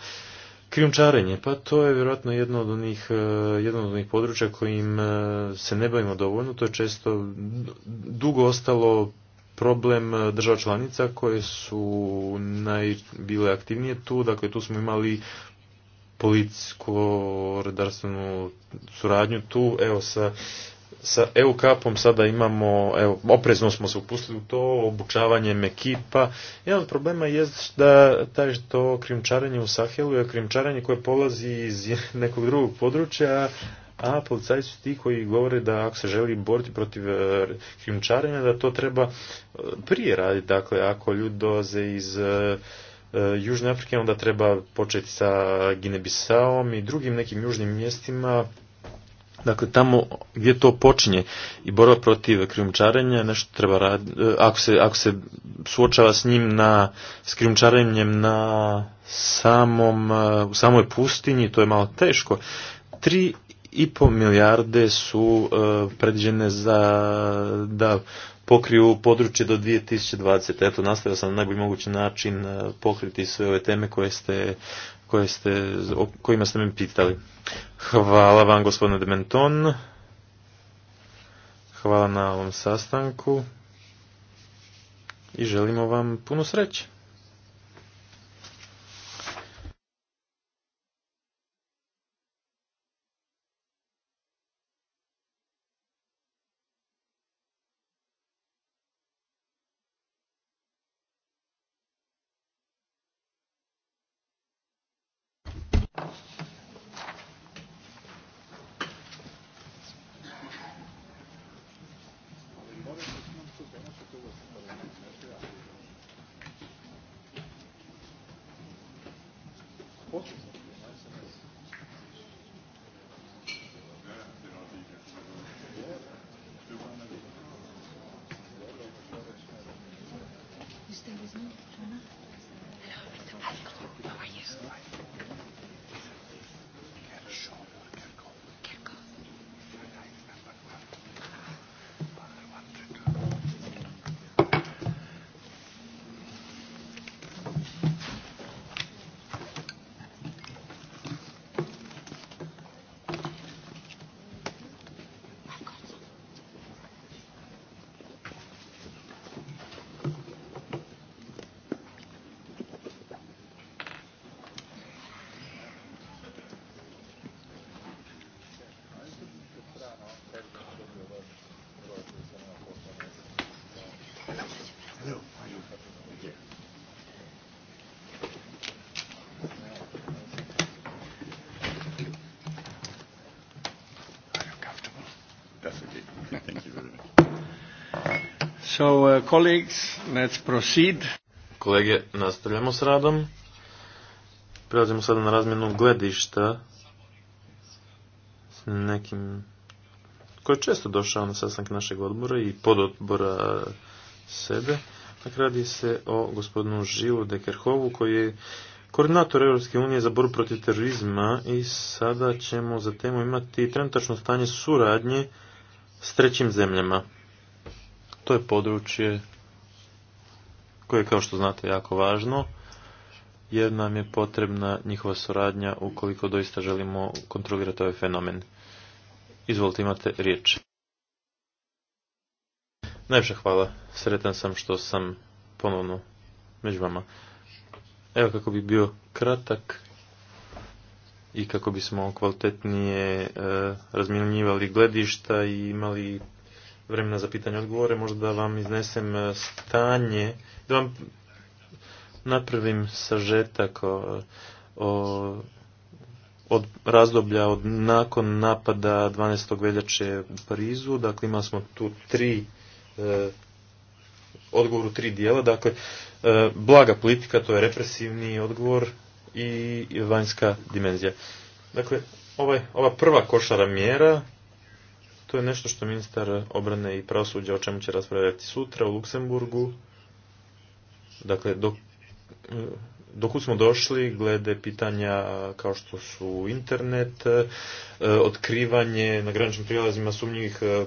Krijumčarenje, pa to je vjerojatno jedno od onih, e, jedno od onih područja kojim se ne bavimo dovoljno, to je često dugo ostalo problem e, država članica koje su najbile aktivnije tu. Dakle, tu smo imali policijsko redarstvenu suradnju tu. Evo, sa, sa EU-kapom sada imamo, evo, oprezno smo se upustili u to, obučavanjem ekipa. Jedan od problema je da taj to krimčaranje u Sahelu je krimčaranje koje polazi iz nekog drugog područja, a policajci su ti koji govore da ako se želi boriti protiv e, krijumčarenja da to treba e, prije raditi. Dakle, ako ljudi doze iz e, Južne Afrike, onda treba početi sa Ginebisaom i drugim nekim južnim mjestima Dakle, tamo gdje to počinje i borba protiv krijumčarenja, nešto treba raditi, ako se, ako se suočava s njim na, s krijumčarenjem na samom, u samoj pustinji, to je malo teško. Tri i po milijarde su e, predviđene za da pokriju područje do 2020. Eto, nastavio sam na najbolji mogući način e, pokriti sve ove teme koje ste, koje ste, o kojima ste me pitali. Hvala vam, gospodine Dementon. Hvala na ovom sastanku i želimo vam puno sreće. So, uh, Kolege, nastavljamo s radom. Prelazimo sada na razmjenu gledišta s nekim koji je često došao na sastanke našeg odbora i pododbora sebe. Dakle, radi se o gospodinu Živu Dekerhovu koji je koordinator Europske unije za borbu protiv terorizma i sada ćemo za temu imati trenutačno stanje suradnje s trećim zemljama. To je područje koje kao što znate, jako važno, jer nam je potrebna njihova suradnja ukoliko doista želimo kontrolirati ovaj fenomen. Izvolite, imate riječ. Najviše hvala. Sretan sam što sam ponovno među vama. Evo kako bi bio kratak i kako bismo kvalitetnije e, razmjenjivali gledišta i imali vremena za pitanje odgovore, možda vam iznesem e, stanje, da vam napravim sažetak o, od razdoblja od nakon napada 12. veljače u Parizu. Dakle, imali smo tu tri e, tri dijela. Dakle, e, blaga politika, to je represivni odgovor i vanjska dimenzija. Dakle, ovaj, ova prva košara mjera to je nešto što ministar obrane i pravosuđa o čemu će raspravljati sutra u Luksemburgu. Dakle, dok, dokud smo došli glede pitanja kao što su internet, e, otkrivanje na graničnim prijelazima sumnjivih e,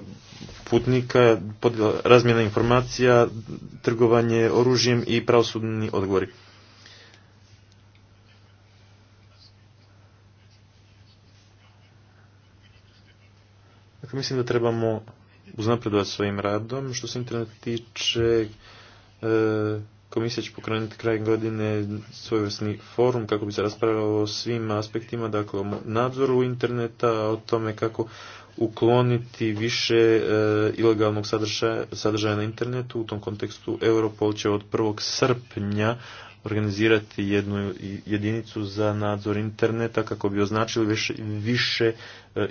putnika, razmjena informacija, trgovanje oružjem i pravosudni odgovori. Dakle, mislim da trebamo uznapredovati svojim radom. Što se internet tiče, e, komisija će pokrenuti kraj godine svoj vesni forum kako bi se raspravljalo o svim aspektima, dakle o nadzoru interneta, o tome kako ukloniti više e, ilegalnog sadržaja, sadržaja na internetu. U tom kontekstu Europol će od 1. srpnja organizirati jednu jedinicu za nadzor interneta kako bi označili više, više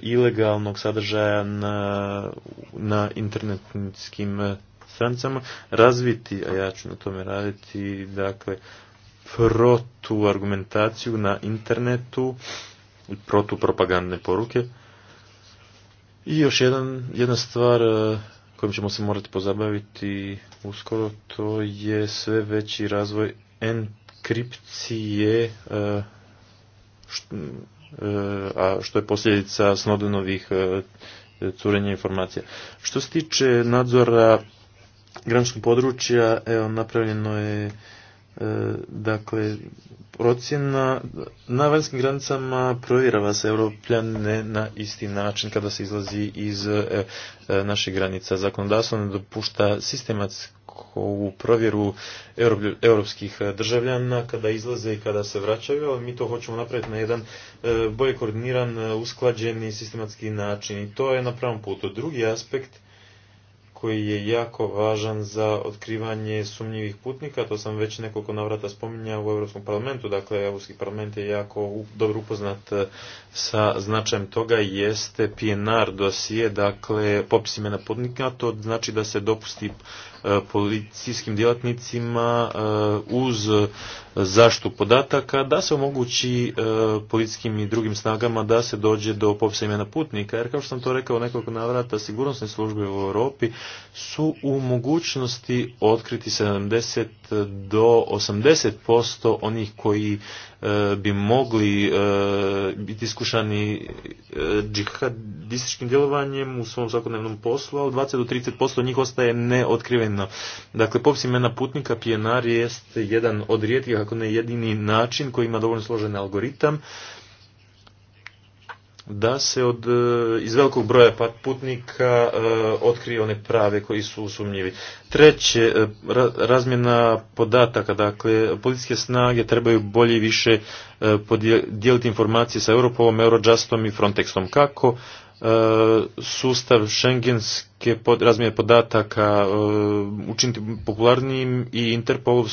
ilegalnog sadržaja na, na internetskim e, strancama. razviti, a ja ću na tome raditi, dakle, protu argumentaciju na internetu, protu propagandne poruke. I još jedan, jedna stvar e, kojom ćemo se morati pozabaviti uskoro, to je sve veći razvoj enkripcije e, e, a što je posljedica snodenovih e, curenja informacija. Što se tiče nadzora graničnog područja, evo, napravljeno je E, dakle, procjena na vanjskim granicama provjerava se europljane na isti način kada se izlazi iz e, e, naših granica. Zakonodavstvo ne dopušta sistematsku provjeru europskih državljana kada izlaze i kada se vraćaju, ali mi to hoćemo napraviti na jedan boje bolje koordiniran, usklađeni sistematski način i to je na pravom putu. Drugi aspekt koji je jako važan za otkrivanje sumnjivih putnika, to sam već nekoliko navrata spominjao u Europskom parlamentu, dakle Europski parlament je jako dobro upoznat e, sa značajem toga, jeste PNR dosije, dakle popis imena putnika, to znači da se dopusti E, policijskim djelatnicima e, uz zaštitu podataka da se omogući e, policijskim i drugim snagama da se dođe do popisa imena putnika. Jer kao što sam to rekao nekoliko navrata, sigurnosne službe u Europi su u mogućnosti otkriti 70 do 80% onih koji e, bi mogli e, biti iskušani e, džihadističkim djelovanjem u svom svakodnevnom poslu, ali 20 do 30% njih ostaje neotkriveno. Dakle, popis imena putnika PNR jest jedan od rijetkih, ako ne jedini način koji ima dovoljno složen algoritam da se od, e, iz velikog broja putnika e, otkrije one prave koji su sumnjivi. Treće, e, razmjena podataka, dakle, policijske snage trebaju bolje i više dijeliti informacije sa Europolom, Eurojustom i Frontexom. Kako sustav šengenske razmjene podataka učiniti popularnijim i Interpolov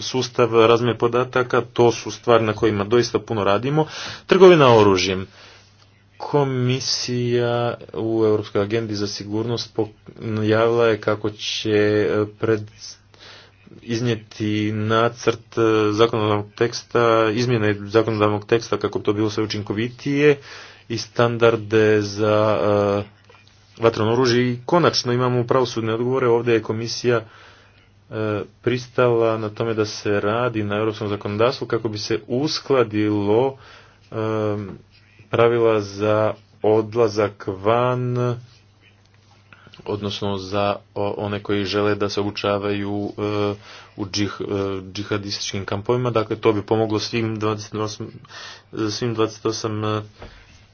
sustav razmjene podataka, to su stvari na kojima doista puno radimo. Trgovina oružjem Komisija u Europskoj agendi za sigurnost najavila je kako će e, pred iznijeti nacrt e, zakonodavnog teksta, izmjene zakonodavnog teksta kako bi to bilo sve učinkovitije i standarde za uh, vatreno oružje i konačno imamo pravosudne odgovore. Ovdje je komisija pristala na tome da se radi na europskom zakonodavstvu kako bi se uskladilo pravila za odlazak van, odnosno za one koji žele da se obučavaju e, u e, džihadističkim kampovima. Dakle, to bi pomoglo svim 28, svim 28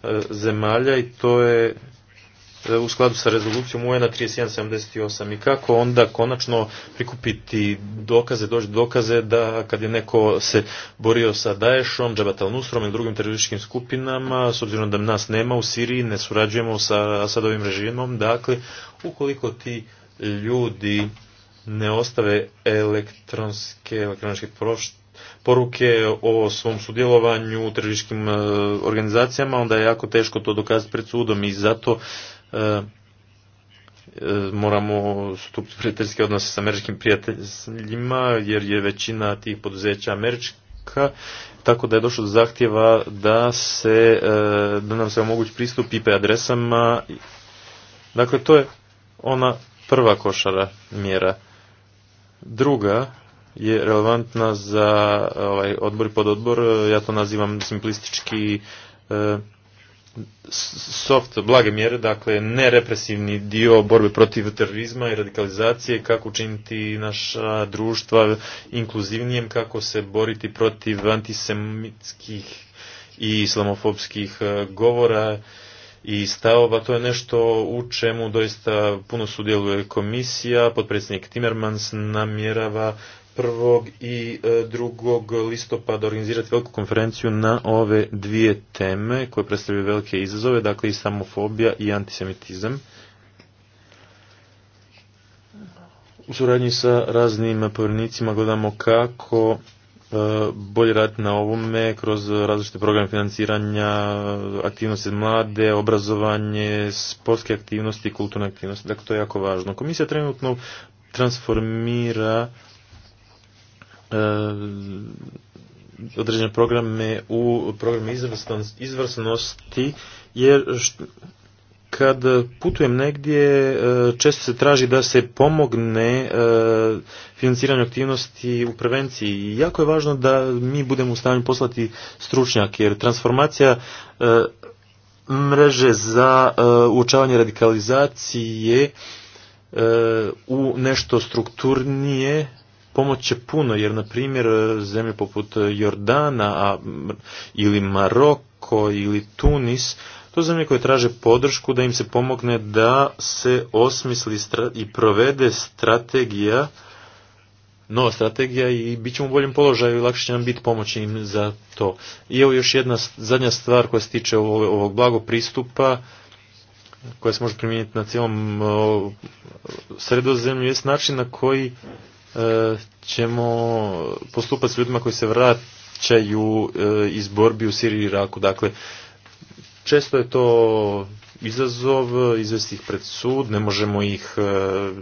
e, zemalja i to je E, u skladu sa rezolucijom un 3178 i kako onda konačno prikupiti dokaze, doći dokaze da kad je neko se borio sa Daeshom, Džabat al-Nusrom i drugim terorističkim skupinama, s obzirom da nas nema u Siriji, ne surađujemo sa Asadovim režimom, dakle, ukoliko ti ljudi ne ostave elektronske, elektroničke poruke o svom sudjelovanju u terorističkim e, organizacijama, onda je jako teško to dokazati pred sudom i zato E, e, moramo stupiti prijateljski odnose s američkim prijateljima jer je većina tih poduzeća američka tako da je došlo do zahtjeva da se e, da nam se omogući pristup IP adresama dakle to je ona prva košara mjera druga je relevantna za ovaj odbor i pododbor ja to nazivam simplistički soft, blage mjere, dakle nerepresivni dio borbe protiv terorizma i radikalizacije, kako učiniti naša društva inkluzivnijem, kako se boriti protiv antisemitskih i islamofobskih e, govora i stavova. To je nešto u čemu doista puno sudjeluje komisija. Potpredsjednik Timmermans namjerava 1. i e, drugog listopada organizirati veliku konferenciju na ove dvije teme koje predstavljaju velike izazove, dakle i samofobija i antisemitizam. U suradnji sa raznim povjernicima gledamo kako e, bolje raditi na ovome kroz različite programe financiranja, aktivnosti mlade, obrazovanje, sportske aktivnosti i kulturne aktivnosti. Dakle, to je jako važno. Komisija trenutno transformira E, određene programe u programe izvrsnosti jer kad putujem negdje e, često se traži da se pomogne e, financiranju aktivnosti u prevenciji i jako je važno da mi budemo u stanju poslati stručnjak jer transformacija mreže za uočavanje radikalizacije u nešto strukturnije pomoć će puno, jer na primjer e, zemlje poput e, Jordana a, ili Maroko ili Tunis, to zemlje koje traže podršku da im se pomogne da se osmisli i provede strategija, nova strategija i bit ćemo u boljem položaju i lakše će nam biti pomoći im za to. I evo još jedna zadnja stvar koja se tiče ovog, blago pristupa, koja se može primijeniti na cijelom sredozemlju, je način na koji E, ćemo postupati s ljudima koji se vraćaju e, iz borbi u Siriji i Iraku. Dakle, često je to izazov, izvesti ih pred sud, ne možemo ih e,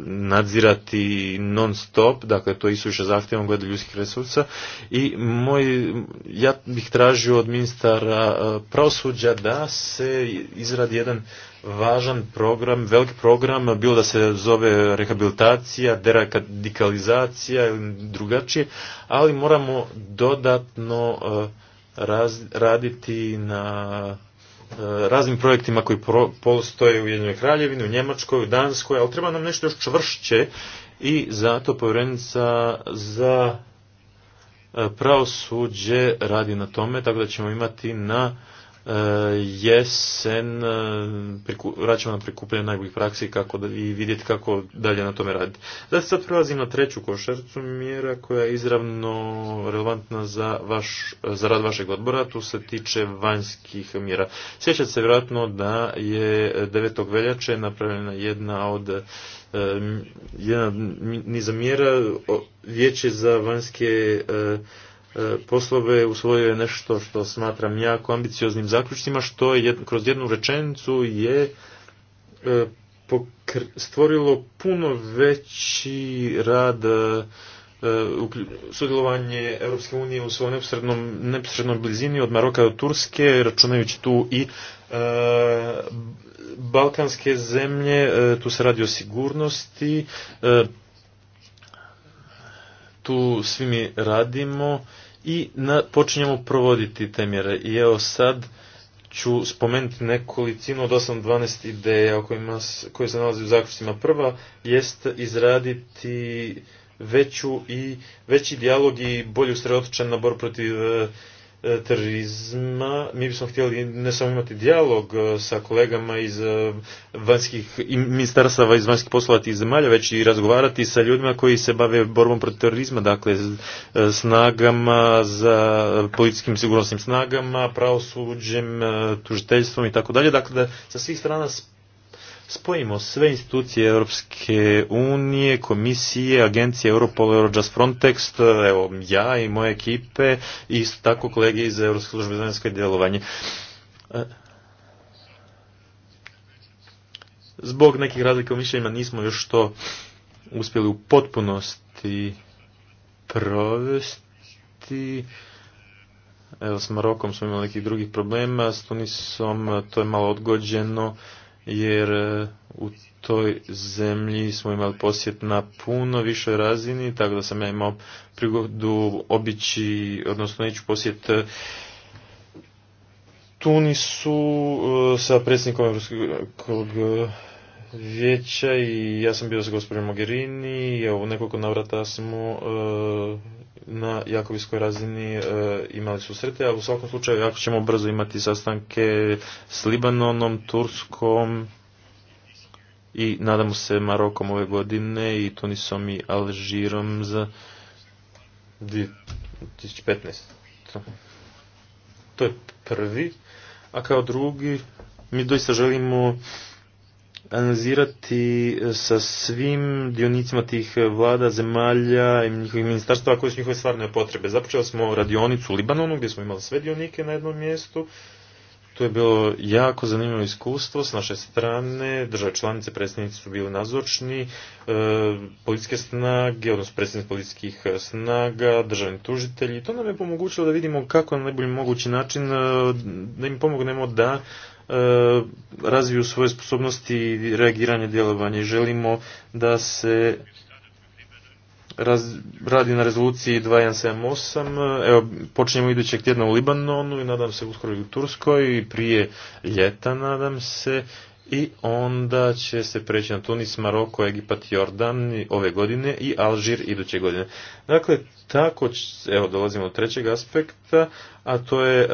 nadzirati non stop, dakle to je više zahtjevom glede ljudskih resursa i moj, ja bih tražio od ministara e, pravosuđa da se izradi jedan važan program, veliki program, bilo da se zove rehabilitacija, deradikalizacija ili drugačije, ali moramo dodatno e, raditi na E, raznim projektima koji postoje u Jednoj Kraljevini, u Njemačkoj, u Danskoj, ali treba nam nešto još čvršće i zato povjerenica za e, pravosuđe radi na tome, tako da ćemo imati na jesen e, priku, na prikupljanje najboljih praksi kako da, i vidjeti kako dalje na tome raditi. Da se sad prelazim na treću košarcu mjera koja je izravno relevantna za, vaš, za rad vašeg odbora, tu se tiče vanjskih mjera. Sjećate se vjerojatno da je 9. veljače napravljena jedna od e, jedna niza mjera vijeće za vanjske e, E, poslove usvojio je nešto što smatram jako ambicioznim zaključcima, što je kroz jednu rečenicu je e, stvorilo puno veći rad e, sudjelovanje Europske unije u svojoj neposrednoj blizini od Maroka do Turske, računajući tu i balkanske zemlje, tu se radi o sigurnosti, tu svi mi radimo i na, počinjemo provoditi te mjere. I evo sad ću spomenuti nekolicinu od 8-12 ideja kojima, koje se nalazi u zaključcima. Prva jest izraditi veću i veći dijalog i bolju sredotočan na bor protiv eh, E, terorizma, mi bismo htjeli ne samo imati dijalog e, sa kolegama iz e, vanjskih ministarstava, iz vanjskih poslova tih zemalja, već i razgovarati sa ljudima koji se bave borbom protiv terorizma, dakle snagama, za političkim sigurnosnim snagama, pravosuđem, tužiteljstvom i tako dalje. Dakle, da sa svih strana spojimo sve institucije Europske unije, komisije, agencije Europol, Eurojust, Frontex, evo ja i moje ekipe i isto tako kolege iz Europske službe za vanjsko djelovanje. E, zbog nekih razlika u mišljenjima nismo još to uspjeli u potpunosti provesti. Evo, s Marokom smo imali nekih drugih problema, s Tunisom to je malo odgođeno jer e, u toj zemlji smo imali posjet na puno višoj razini, tako da sam ja imao prigodu obići, odnosno neću posjet e, Tunisu e, sa predsjednikom Evropskog vijeća i ja sam bio sa gospođom Mogherini i u nekoliko navrata smo na jako razini e, imali susrete, a u svakom slučaju jako ćemo brzo imati sastanke s Libanonom, Turskom i nadamo se Marokom ove godine i Tunisom i Alžirom za 2015. To je prvi, a kao drugi mi doista želimo analizirati e, sa svim dionicima tih e, vlada, zemalja i njihovih ministarstva koje su njihove stvarne potrebe. Započeli smo radionicu u Libanonu gdje smo imali sve dionike na jednom mjestu. To je bilo jako zanimljivo iskustvo s naše strane, države članice, predsjednici su bili nazočni, e, policijske snage, odnosno predsjednici policijskih e, snaga, državni tužitelji. To nam je pomogućilo da vidimo kako na najbolji mogući način da im pomognemo da E, razviju svoje sposobnosti i reagiranje djelovanje. Želimo da se radi na rezoluciji 2178. Evo, počinjemo idućeg tjedna u Libanonu i nadam se uskoro i u Turskoj i prije ljeta nadam se i onda će se preći na Tunis, Maroko, Egipat, Jordan ove godine i Alžir iduće godine. Dakle, tako, evo dolazimo do trećeg aspekta, a to je e,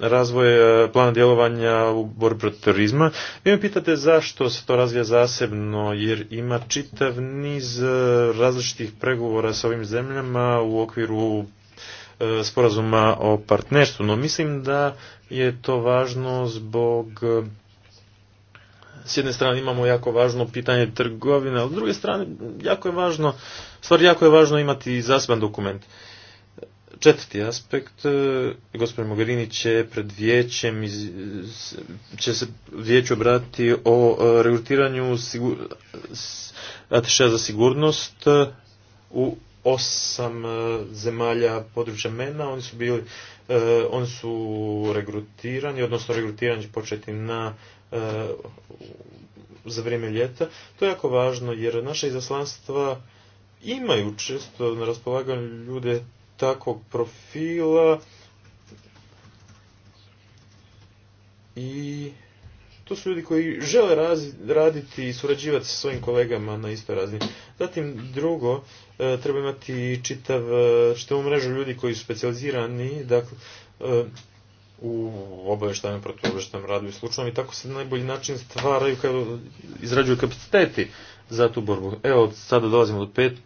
razvoj e, plana djelovanja u borbi protiv terorizma. Vi me pitate zašto se to razvija zasebno, jer ima čitav niz e, različitih pregovora sa ovim zemljama u okviru sporazuma o partnerstvu, no mislim da je to važno zbog s jedne strane imamo jako važno pitanje trgovine, ali s druge strane jako je važno, stvar jako je važno imati zaseban dokument. Četvrti aspekt, e, gospodin Mogherini će pred vijećem, će se vijeću obratiti o e, regrutiranju za sigurnost e, u osam zemalja područja MENA, oni su bili, oni su regrutirani, odnosno regrutiranje će početi na E, za vrijeme ljeta. To je jako važno jer naša izaslanstva imaju često na raspolaganju ljude takvog profila i to su ljudi koji žele raditi i surađivati sa svojim kolegama na istoj razini. Zatim drugo, e, treba imati čitav, e, što mrežu ljudi koji su specijalizirani. dakle, u obavještajnom, protuobavještajnom radu i slučajno i tako se na najbolji način stvaraju, izrađuju kapaciteti za tu borbu. Evo, sada dolazimo do pet e,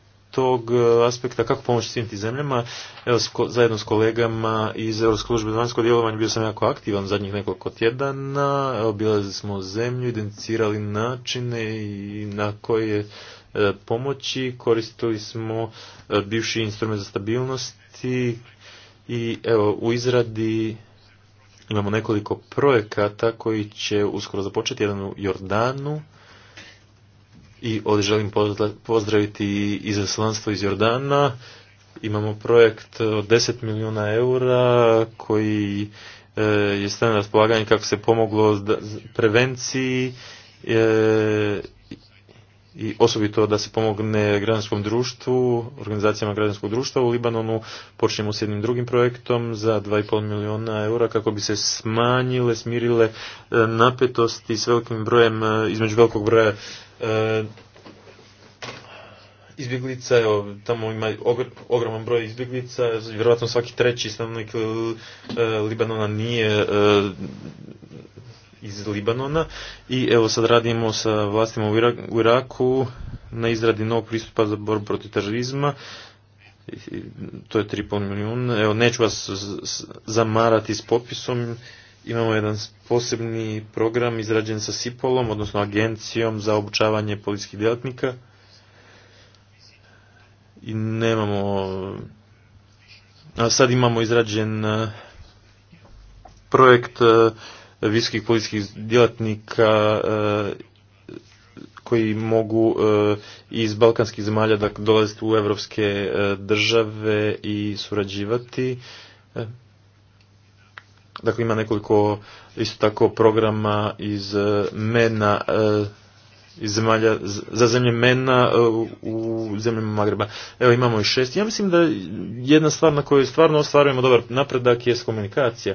aspekta kako pomoći svim tim zemljama. Evo, zajedno s kolegama iz Europske službe za vanjsko djelovanje bio sam jako aktivan zadnjih nekoliko tjedana. Evo, smo zemlju, identificirali načine i na koje e, pomoći. Koristili smo e, bivši instrument za stabilnosti i evo, u izradi Imamo nekoliko projekata koji će uskoro započeti, jedan u Jordanu i ovdje želim pozdraviti izaslanstvo iz Jordana. Imamo projekt od 10 milijuna eura koji e, je stane na raspolaganje kako se pomoglo prevenciji e, i osobito da se pomogne građanskom društvu, organizacijama građanskog društva u Libanonu. Počnemo s jednim drugim projektom za 2,5 miliona eura kako bi se smanjile, smirile e, napetosti s velikim brojem, e, između velikog broja e, izbjeglica, evo, tamo ima ogroman broj izbjeglica, vjerojatno svaki treći stanovnik Libanona nije iz Libanona i evo sad radimo sa vlastima u Iraku na izradi novog pristupa za borbu protiv terorizma to je 3,5 milijuna evo neću vas zamarati s popisom imamo jedan posebni program izrađen sa Sipolom odnosno agencijom za obučavanje policijskih djelatnika i nemamo a sad imamo izrađen eh, projekt eh, visokih policijskih djelatnika e, koji mogu e, iz balkanskih zemalja dolaziti u evropske e, države i surađivati. Dakle, ima nekoliko isto tako programa iz MENA, iz zemalja, za zemlje MENA u zemljama Magreba. Evo imamo i šest. Ja mislim da jedna stvar na kojoj stvarno ostvarujemo dobar napredak je komunikacija.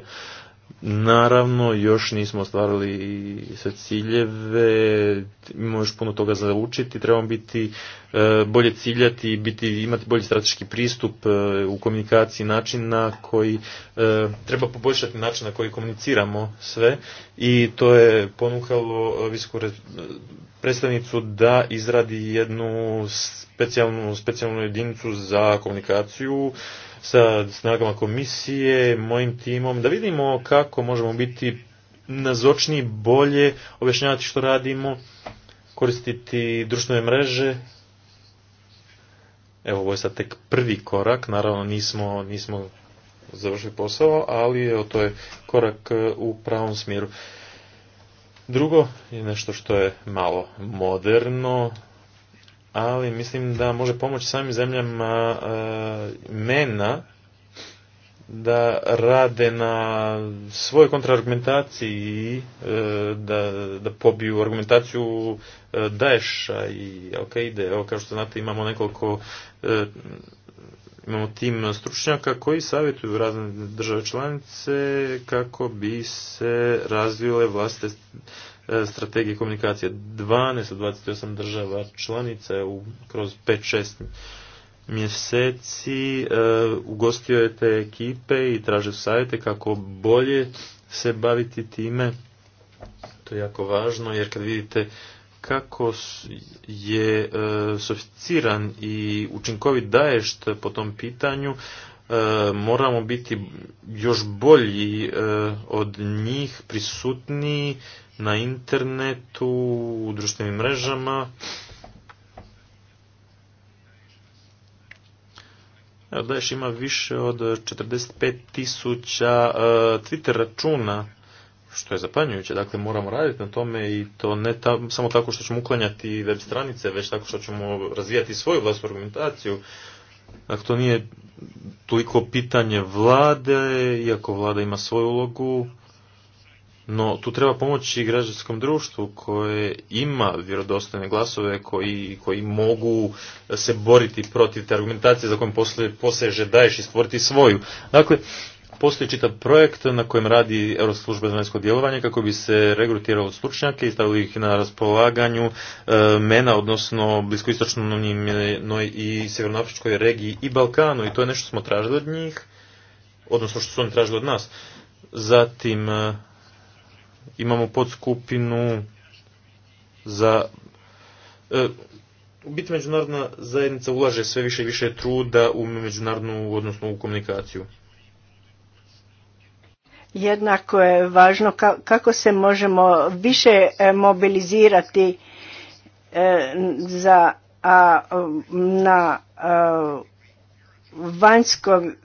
Naravno, još nismo ostvarili sve ciljeve, imamo još puno toga za učiti, trebamo biti e, bolje ciljati, biti, imati bolji strateški pristup e, u komunikaciji, način na koji e, treba poboljšati način na koji komuniciramo sve i to je ponukalo visoko predstavnicu da izradi jednu specijalnu, specijalnu jedinicu za komunikaciju sa snagama komisije, mojim timom, da vidimo kako možemo biti nazočni bolje objašnjavati što radimo, koristiti društvene mreže. Evo, ovo je sad tek prvi korak, naravno nismo, nismo završili posao, ali evo, to je korak u pravom smjeru. Drugo je nešto što je malo moderno, ali mislim da može pomoći samim zemljama e, mena da rade na svojoj kontraargumentaciji, e, da, da pobiju argumentaciju e, Daesha i al ide. Evo, kao što znate, imamo nekoliko imamo tim stručnjaka koji savjetuju razne države članice kako bi se razvile vlastite e, strategije komunikacije. 12 od 28 država članica u, kroz 5-6 mjeseci e, ugostio je te ekipe i traže savjete kako bolje se baviti time. To je jako važno jer kad vidite kako je e, sofisticiran i učinkovit daješt po tom pitanju, e, moramo biti još bolji e, od njih prisutni na internetu, u društvenim mrežama. Evo, Daješ ima više od 45 tisuća Twitter računa što je zapanjujuće. Dakle, moramo raditi na tome i to ne samo tako što ćemo uklanjati web stranice, već tako što ćemo razvijati svoju vlastnu argumentaciju. Dakle, to nije toliko pitanje vlade, iako vlada ima svoju ulogu, no tu treba pomoći građanskom društvu koje ima vjerodostojne glasove koji, koji mogu se boriti protiv te argumentacije za kojom poseže daješ i stvoriti svoju. Dakle, Postoji čitav projekt na kojem radi Europska služba za vanjsko djelovanje kako bi se regrutirao stručnjake i stavili ih na raspolaganju e, mena, odnosno bliskoistočnoj i sjevernoafričkoj regiji i Balkanu i to je nešto što smo tražili od njih, odnosno što su oni tražili od nas. Zatim e, imamo podskupinu za e, u biti međunarodna zajednica ulaže sve više i više truda u međunarodnu, odnosno u komunikaciju jednako je važno kako se možemo više e, mobilizirati e, za a na e, vanjskom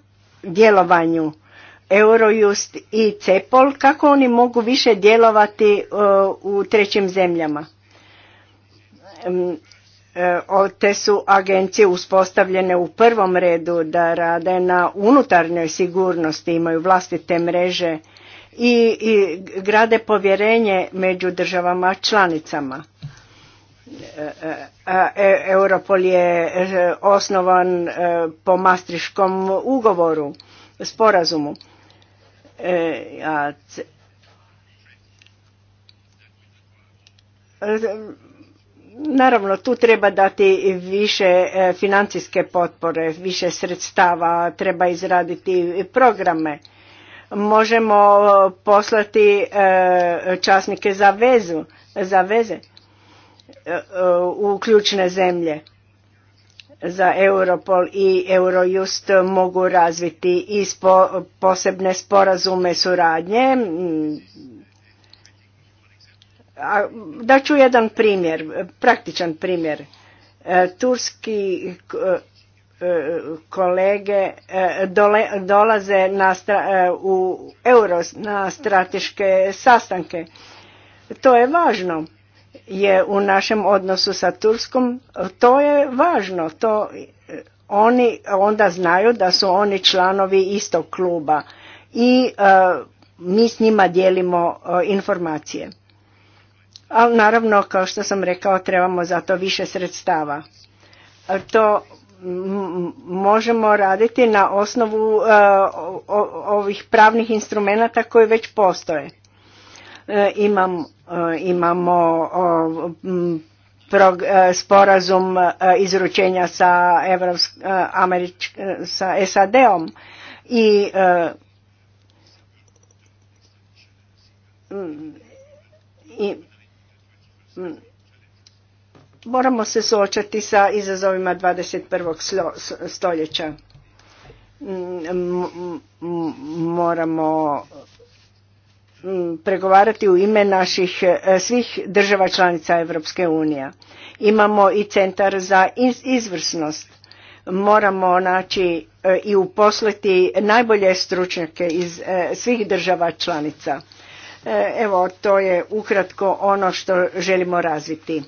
djelovanju Eurojust i Cepol kako oni mogu više djelovati u trećim zemljama E, te su agencije uspostavljene u prvom redu da rade na unutarnjoj sigurnosti, imaju vlastite mreže i, grade povjerenje među državama članicama. E, e, Europol je osnovan po Mastriškom ugovoru, sporazumu. A Naravno, tu treba dati više e, financijske potpore, više sredstava, treba izraditi programe. Možemo poslati e, časnike za vezu, za veze e, u ključne zemlje za Europol i Eurojust mogu razviti i posebne sporazume suradnje da ću jedan primjer, praktičan primjer. E, turski e, e, kolege dolaze na, u Euro na strateške sastanke. To je važno je u našem odnosu sa Turskom, to je važno. To, oni onda znaju da su oni članovi istog kluba i mi s njima dijelimo informacije ali naravno kao što sam rekao trebamo za to više sredstava. E, to možemo raditi na osnovu e, ovih pravnih instrumenata koji već postoje. E, imam, imamo sporazum izručenja sa, Evropsk, sa SAD-om i Mm. Moramo se suočati sa izazovima 21. stoljeća. Mm, mm, moramo pregovarati u ime naših e, svih država članica Europske unije. Imamo i centar za izvrsnost. Moramo naći e, i uposliti najbolje stručnjake iz e, svih država članica E, evo, to je ukratko ono što želimo razviti.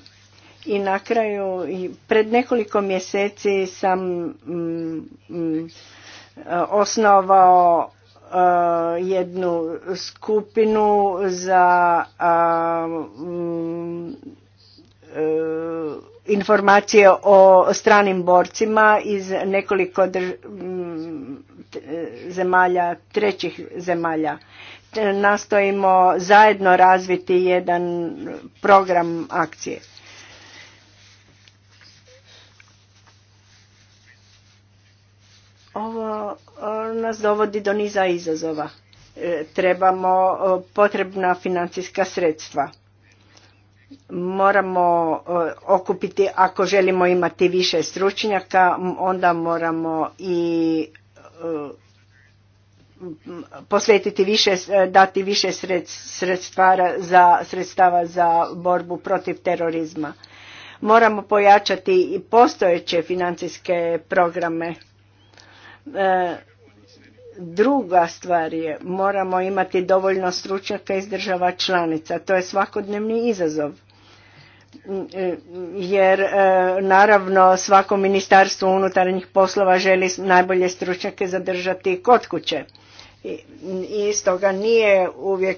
I na kraju, pred nekoliko mjeseci sam mm, mm, osnovao e, jednu skupinu za mm, e, informacije o stranim borcima iz nekoliko zemalja, trećih zemalja nastojimo zajedno razviti jedan program akcije. Ovo nas dovodi do niza izazova. E, trebamo potrebna financijska sredstva. Moramo okupiti, ako želimo imati više stručnjaka, onda moramo i posvetiti više, e, dati više sredstava za, sredstava za borbu protiv terorizma. Moramo pojačati i postojeće financijske programe. E, druga stvar je, moramo imati dovoljno stručnjaka iz država članica. To je svakodnevni izazov. Mm, e, jer naravno svako ministarstvo unutarnjih poslova želi najbolje stručnjake zadržati kod kuće i stoga nije uvijek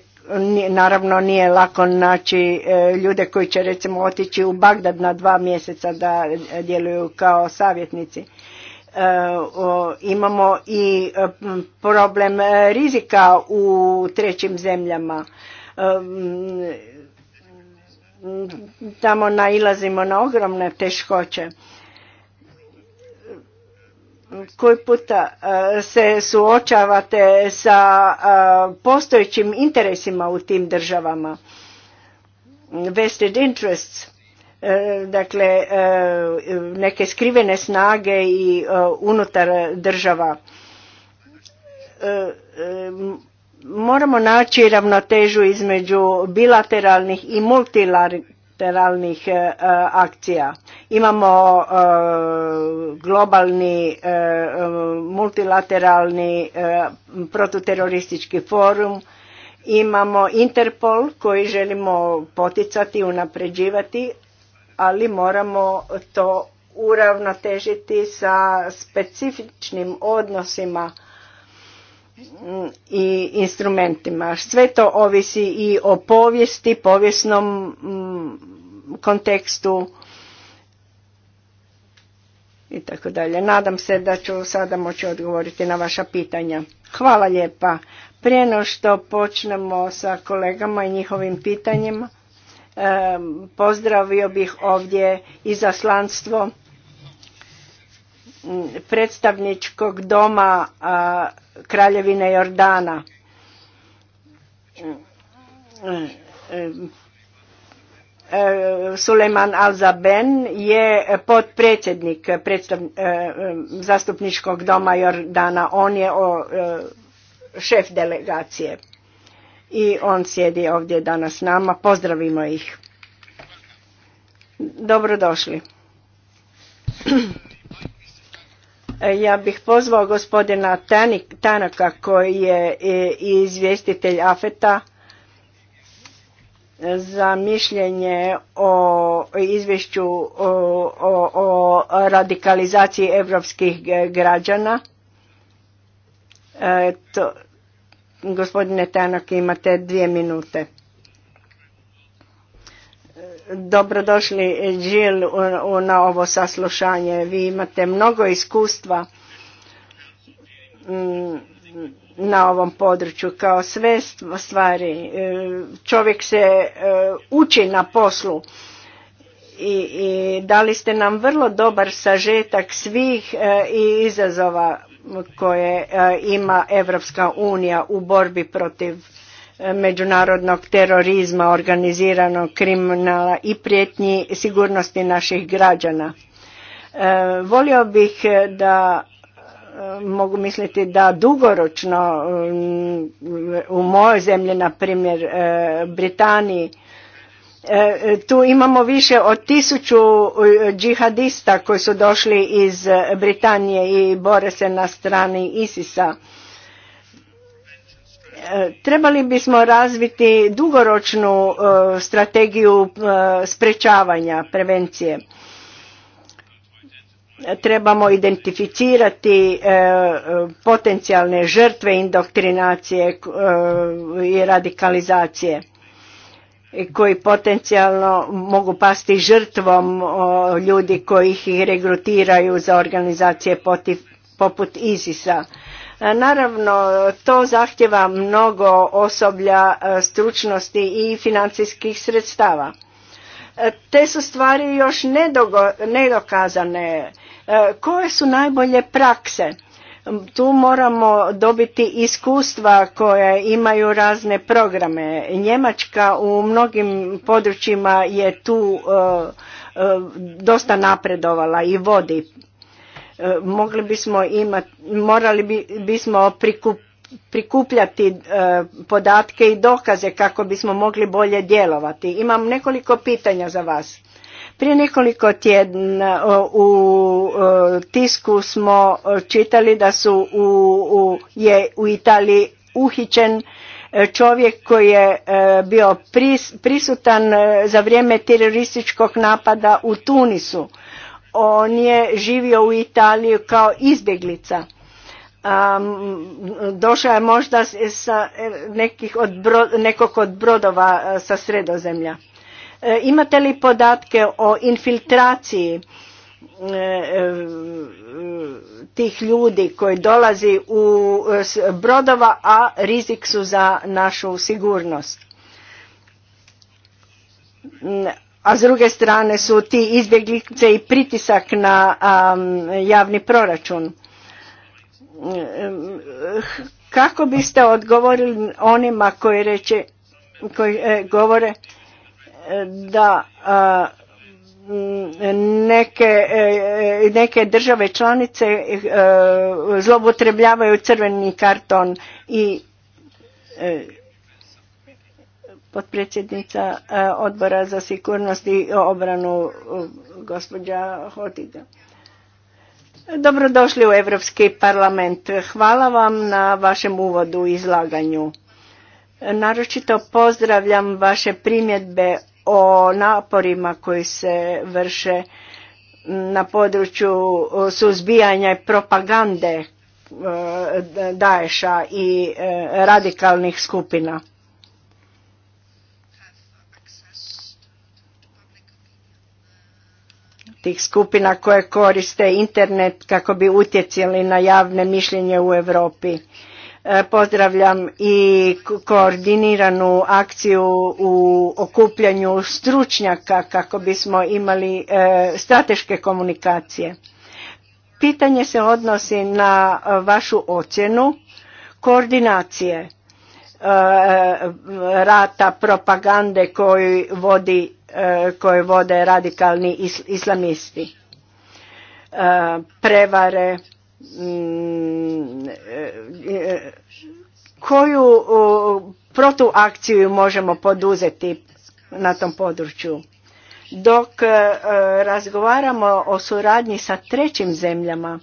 naravno nije lako naći e, ljude koji će recimo otići u Bagdad na dva mjeseca da djeluju kao savjetnici. E, imamo i e, problem rizika u trećim zemljama. Tamo nailazimo na ogromne teškoće koji puta e, se suočavate sa e, postojećim interesima u tim državama vested interests e, dakle neke skrivene snage i unutar država moramo naći ravnotežu između bilateralnih i multilateralnih bilateralnih e, e, akcija. Imamo e, globalni multilateralni protuteroristički forum, imamo Interpol koji želimo poticati, unapređivati, ali moramo to uravnotežiti sa specifičnim odnosima Mm, i instrumentima. Sve to ovisi i o povijesti, povijesnom mm, kontekstu i tako dalje. Nadam se da ću sada moći odgovoriti na vaša pitanja. Hvala lijepa. Prije no što počnemo sa kolegama i njihovim pitanjima, pozdravio bih ovdje izaslanstvo mm, predstavničkog doma kraljevine Jordana. Suleiman Al-Zaben je potpredsjednik e, e, zastupničkog doma Jordana. On je o, e, šef delegacije i on sjedi ovdje danas s nama. Pozdravimo ih. Dobrodošli. Ja bih pozvao gospodina Tanaka koji je i e, izvjestitelj AFETA za mišljenje o izvješću o, o, radikalizaciji evropskih e, građana. E, gospodine Tanaka imate dvije minute. Dobrodošli, Jill, na ovo saslušanje. Vi imate mnogo iskustva mm, na ovom području, kao sve stvari. E, čovjek se e, uči na poslu i, dali ste nam vrlo dobar sažetak svih e, i izazova koje ima Evropska unija u borbi protiv međunarodnog terorizma, organiziranog kriminala i prijetnji sigurnosti naših građana. E, volio bih e, da e, mogu misliti da dugoročno u mojoj zemlji, na primjer Britaniji, tu imamo više od tisuću džihadista koji su došli iz Britanije i bore se na strani ISIS-a Trebali bismo razviti dugoročnu e, strategiju e, sprečavanja prevencije. Trebamo identificirati e, potencijalne žrtve indoktrinacije i radikalizacije koji potencijalno mogu pasti žrtvom ljudi koji ih regrutiraju za organizacije poput ISIS-a Naravno, to zahtjeva mnogo osoblja, e, stručnosti i financijskih sredstava. E, te su stvari još nedokazane. E, koje su najbolje prakse? Tu moramo dobiti iskustva koje imaju razne programe. Njemačka u mnogim područjima je tu dosta napredovala i vodi Eh, mogli bismo imati, morali bismo prikupljati eh, podatke i dokaze kako bismo mogli bolje djelovati. Imam nekoliko pitanja za vas. Prije nekoliko tjedna u tisku smo čitali da su u, je u Italiji uhićen eh, čovjek koji je bio prisutan za vrijeme terorističkog napada u Tunisu on je živio u Italiju kao izbjeglica. Došao je možda sa e, nekih od nekog od brodova e, sa sredozemlja. E, imate li podatke o infiltraciji tih ljudi koji dolazi u brodova, a rizik su za našu sigurnost? a s druge strane su ti izbjeglice i pritisak na javni proračun. Kako biste odgovorili onima koji, reče, koji e, govore e, da neke, e, neke države članice zloupotrebljavaju crveni karton i potpredsjednica e, odbora za sigurnost i obranu e, gospođa Hotiga. Dobrodošli u Europski parlament. Hvala vam na vašem uvodu i izlaganju. Naročito pozdravljam vaše primjedbe o naporima koji se vrše na području suzbijanja e, i propagande daješa i radikalnih skupina. tih skupina koje koriste internet kako bi utjecali na javne mišljenje u Europi. E, pozdravljam i koordiniranu akciju u okupljanju stručnjaka kako bismo imali e, strateške komunikacije. Pitanje se odnosi na vašu ocjenu koordinacije e, rata propagande koju vodi E, koje vode radikalni islamisti. E, prevare mm, e, koju protuakciju možemo poduzeti na tom području. Dok razgovaramo o suradnji sa trećim zemljama,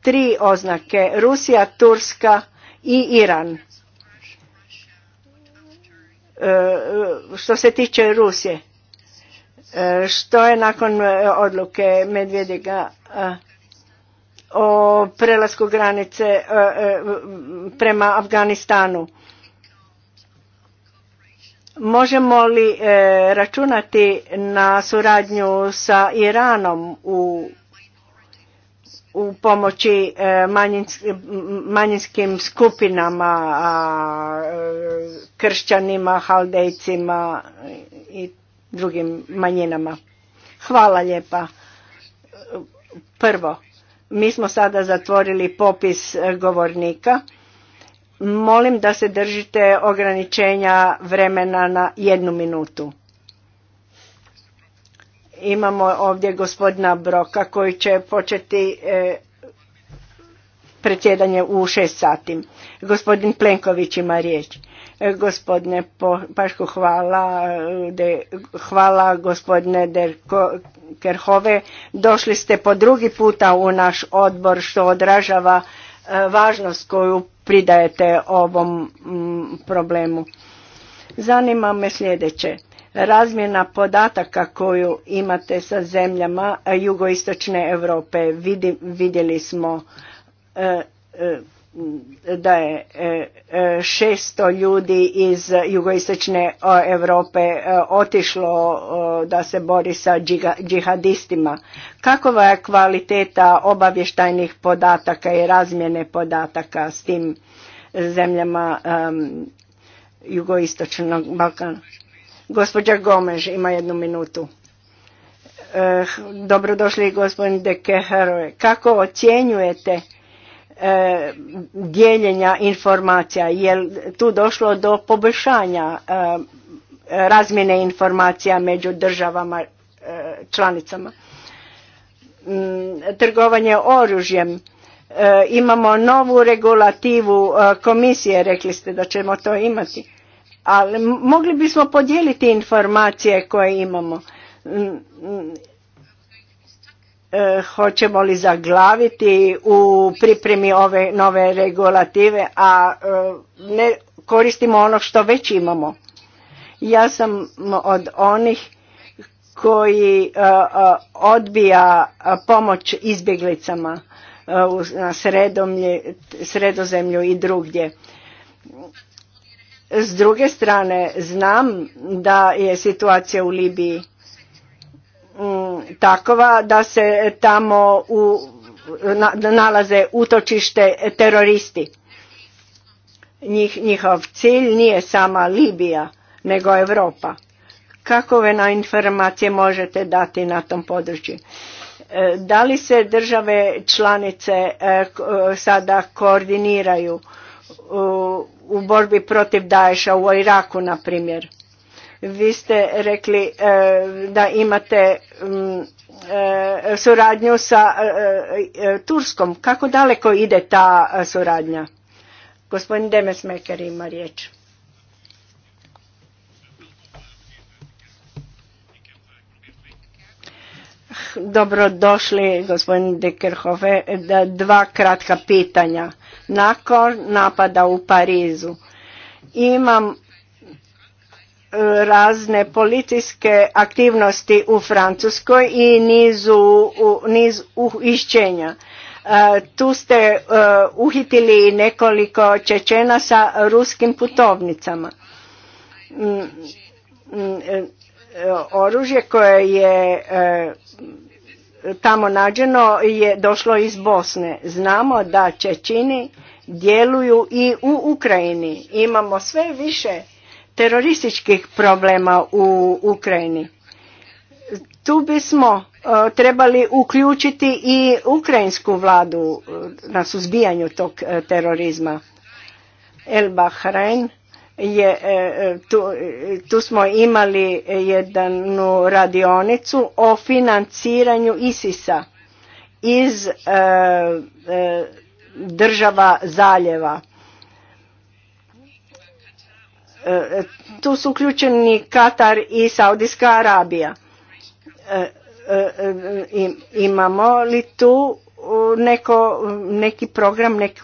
tri oznake, Rusija, Turska i Iran što se tiče Rusije. E, što je nakon e, odluke Medvedega e, o prelasku granice prema Afganistanu? Možemo li računati na suradnju sa Iranom u u pomoći e, manjinskim skupinama, e, kršćanima, haldejcima i drugim manjinama. Hvala lijepa. Prvo, mi smo sada zatvorili popis e, govornika. Molim da se držite ograničenja vremena na jednu minutu. Imamo ovdje gospodina Broka koji će početi e, predsjedanje u šest sati. Gospodin Plenković ima riječ. E, gospodine Pašku, hvala, e, hvala gospodine Kerhove. Došli ste po drugi puta u naš odbor što odražava važnost koju pridajete ovom problemu. Zanima me sljedeće. Razmjena podataka koju imate sa zemljama eh, jugoistočne Europe vidjeli smo eh, eh, da je 600 ljudi iz jugoistočne Europe otišlo da se bori sa džihadistima. Kakova je kvaliteta obavještajnih podataka i razmjene podataka s tim zemljama jugoistočnog Balkana? Gospođa Gomež ima jednu minutu. E, dobrodošli gospodin Dekeherove. Kako ocjenjujete eh, dijeljenja informacija? Je tu došlo do poboljšanja eh, razmjene informacija među državama članicama? Mm, trgovanje oružjem. Imamo novu regulativu komisije, rekli ste da ćemo to imati ali mogli bismo podijeliti informacije koje imamo. E, hoćemo li zaglaviti u pripremi ove nove regulative, a e, ne koristimo ono što već imamo. Ja sam od onih koji e, odbija pomoć izbjeglicama na sredozemlju i drugdje s druge strane, znam da je situacija u Libiji mm, takova da se tamo u, nalaze utočište teroristi. Njih, njihov cilj nije sama Libija, nego Europa. Kakove na informacije možete dati na tom području? E, da li se države članice e, e, sada koordiniraju u borbi protiv daješa u Iraku, na primjer. Vi ste rekli e, da imate mm, e, suradnju sa e, Turskom. Kako daleko ide ta suradnja? Gospodin Meker ima riječ. Dobro došli, gospodin Dekerhove. Dva kratka pitanja nakon napada u Parizu. Imam e, razne policijske aktivnosti u Francuskoj i nizu, niz uhišćenja. E, tu ste e, uhitili nekoliko Čečena sa ruskim putovnicama. Mm, mm, oružje koje je tamo nađeno je došlo iz Bosne. Znamo da Čečini djeluju i u Ukrajini. Imamo sve više terorističkih problema u Ukrajini. Tu bismo e, trebali uključiti i ukrajinsku vladu e, na suzbijanju tog e, terorizma. El Bahrein je, e, e, e, tu, smo imali jednu radionicu o financiranju ISISA iz država zaljeva. Tu su uključeni Katar i Saudijska Arabija. Imamo li tu neko, neki program, neki,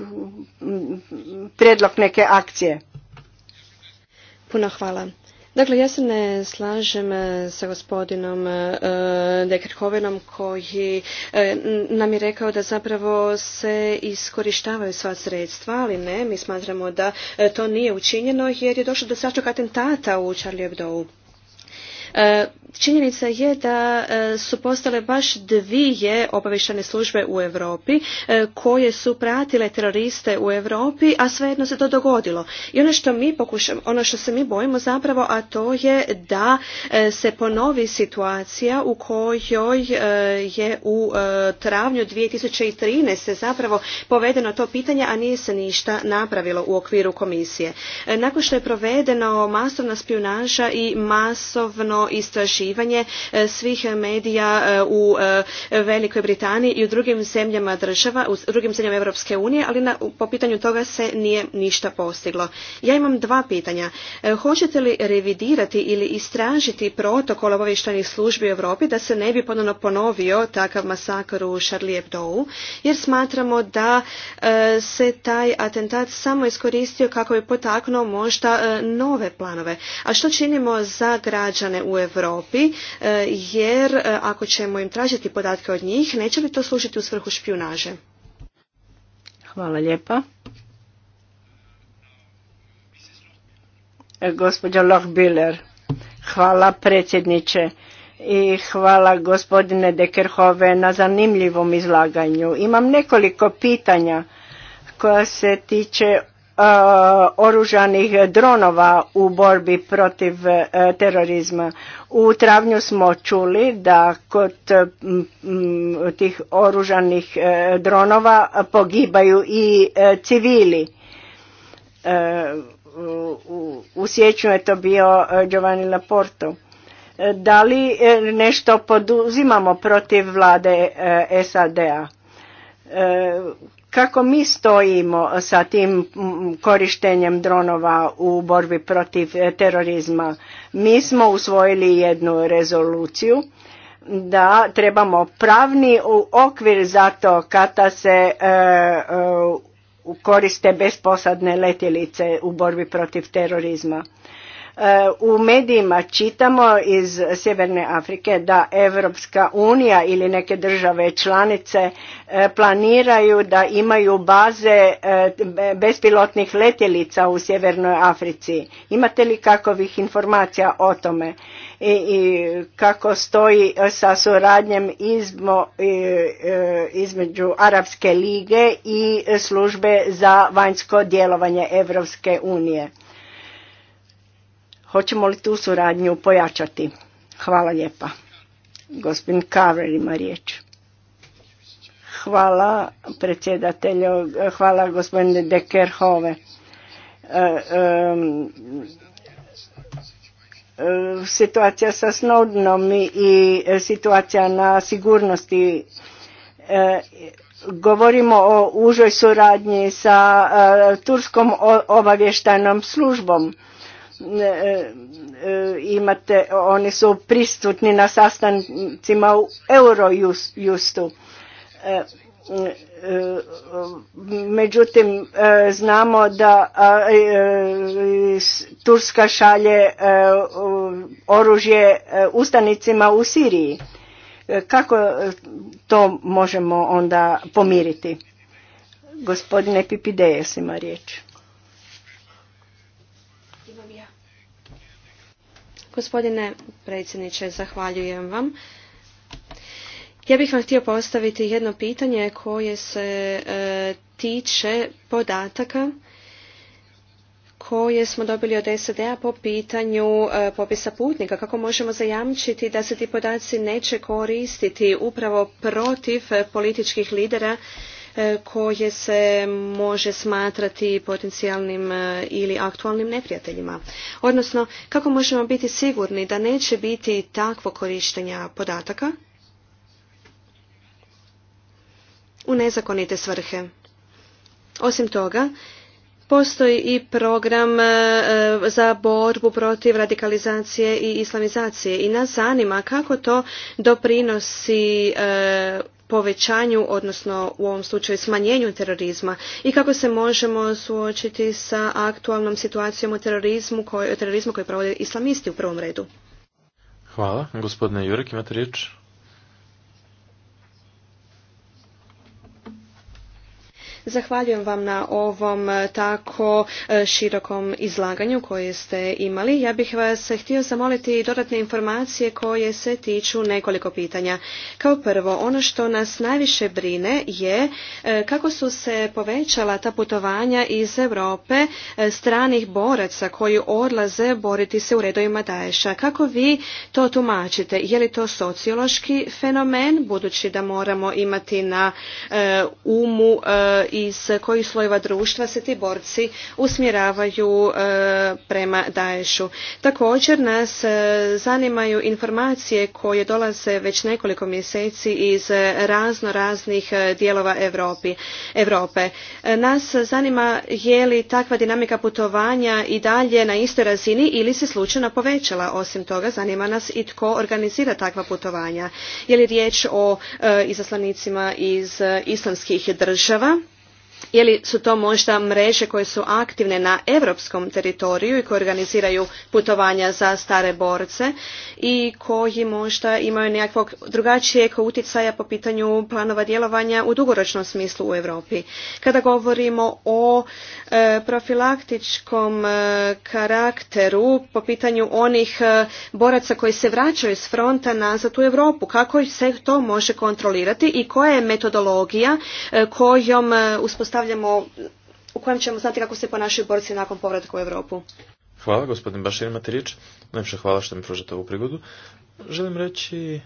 predlog neke akcije? Puno hvala. Dakle, ja se ne slažem e, sa gospodinom e, Dekrhovenom koji e, nam je rekao da zapravo se iskorištavaju sva sredstva, ali ne, mi smatramo da to nije učinjeno jer je došlo do svačog atentata u Charlie Hebdo. Činjenica je da e, su postale baš dvije obavještajne službe u Europi e, koje su pratile teroriste u Europi, a svejedno se to dogodilo. I ono što mi pokušamo, ono što se mi bojimo zapravo, a to je da e, se ponovi situacija u kojoj je u travnju 2013. zapravo povedeno to pitanje, a nije se ništa napravilo u okviru komisije. Nakon što je provedeno masovna spionaža i masovno istraživanje uključivanje e, svih medija e, u e, Velikoj Britaniji i u drugim zemljama država, u drugim zemljama Europske unije, ali na, po pitanju toga se nije ništa postiglo. Ja imam dva pitanja. Hoćete li revidirati ili istražiti protokol obavještajnih službi u Europi da se ne bi ponovno ponovio takav masakr u Charlie jer smatramo da se taj atentat samo iskoristio kako bi potaknuo možda nove planove. A što činimo za građane u Europi? Europi e, jer e, ako ćemo im tražiti podatke od njih neće li to služiti u svrhu špionaže? Hvala lijepa. E, Gospodja Lochbiller, hvala predsjedniče i hvala gospodine Dekerhove na zanimljivom izlaganju. Imam nekoliko pitanja koja se tiče E, oružanih dronova u borbi protiv e, terorizma. U travnju smo čuli da kod tih oružanih e, dronova pogibaju i civili. U sjeću je to bio Giovanni Laporto. Da li nešto poduzimamo protiv vlade SAD-a? Kako mi stojimo sa tim korištenjem dronova u borbi protiv e, terorizma? Mi smo usvojili jednu rezoluciju da trebamo pravni okvir za to kada se e, e koriste besposadne letjelice u borbi protiv terorizma. U medijima čitamo iz Sjeverne Afrike da Evropska unija ili neke države članice e, planiraju da imaju baze e, bespilotnih letjelica u Sjevernoj Africi. Imate li kakovih informacija o tome i, kako stoji sa suradnjem izmo, e, između Arapske lige i službe za vanjsko djelovanje Evropske unije? Hoćemo li tu suradnju pojačati? Hvala lijepa. Gospodin Kaver ima riječ. Hvala predsjedatelju, hvala gospodine Dekerhove. E, e, situacija sa Snowdenom i situacija na sigurnosti. E, govorimo o užoj suradnji sa Turskom obavještajnom službom E, e, imate, oni su prisutni na sastancima u Eurojustu. E, međutim, znamo da Turska šalje oružje ustanicima u Siriji. Kako to možemo onda pomiriti? Gospodine Pipidejes ima riječ. Gospodine predsjedniče, zahvaljujem vam. Ja bih vam htio postaviti jedno pitanje koje se e, tiče podataka koje smo dobili od sed a po pitanju e, popisa putnika. Kako možemo zajamčiti da se ti podaci neće koristiti upravo protiv političkih lidera E, koje se može smatrati potencijalnim e, ili aktualnim neprijateljima. Odnosno, kako možemo biti sigurni da neće biti takvo korištenja podataka u nezakonite svrhe. Osim toga, Postoji i program e, za borbu protiv radikalizacije i islamizacije i nas zanima kako to doprinosi povećanju, odnosno u ovom slučaju smanjenju terorizma i kako se možemo suočiti sa aktualnom situacijom o terorizmu koji, terorizmu koji provode islamisti u prvom redu. Hvala. Gospodine Jurek, imate riječ? Zahvaljujem vam na ovom e, tako e, širokom izlaganju koje ste imali. Ja bih vas htio zamoliti dodatne informacije koje se tiču nekoliko pitanja. Kao prvo, ono što nas najviše brine je e, kako su se povećala ta putovanja iz Europe stranih boraca koji odlaze boriti se u redovima Daesha. Kako vi to tumačite? Je li to sociološki fenomen, budući da moramo imati na umu iz kojih slojeva društva se ti borci usmjeravaju e, prema Daješu. Također nas e, zanimaju informacije koje dolaze već nekoliko mjeseci iz razno raznih e, dijelova Evropi, Evrope. Nas zanima je li takva dinamika putovanja i dalje na istoj razini ili se slučajno povećala. Osim toga, zanima nas i tko organizira takva putovanja. Je li riječ o izaslanicima iz islamskih država li su to možda mreže koje su aktivne na europskom teritoriju i koje organiziraju putovanja za stare borce i koji možda imaju nekakvog drugačijeg utjecaja po pitanju planova djelovanja u dugoročnom smislu u Europi. Kada govorimo o e, profilaktičkom e, karakteru po pitanju onih e, boraca koji se vraćaju s fronta nazad u Europu, kako se to može kontrolirati i koja je metodologija kojom uspostavljaju raspravljamo, u kojem ćemo znati kako se ponašaju borci nakon povratka u Europu. Hvala, gospodin Bašir, Matirić. riječ. Najviše hvala što mi pružate ovu prigodu. Želim reći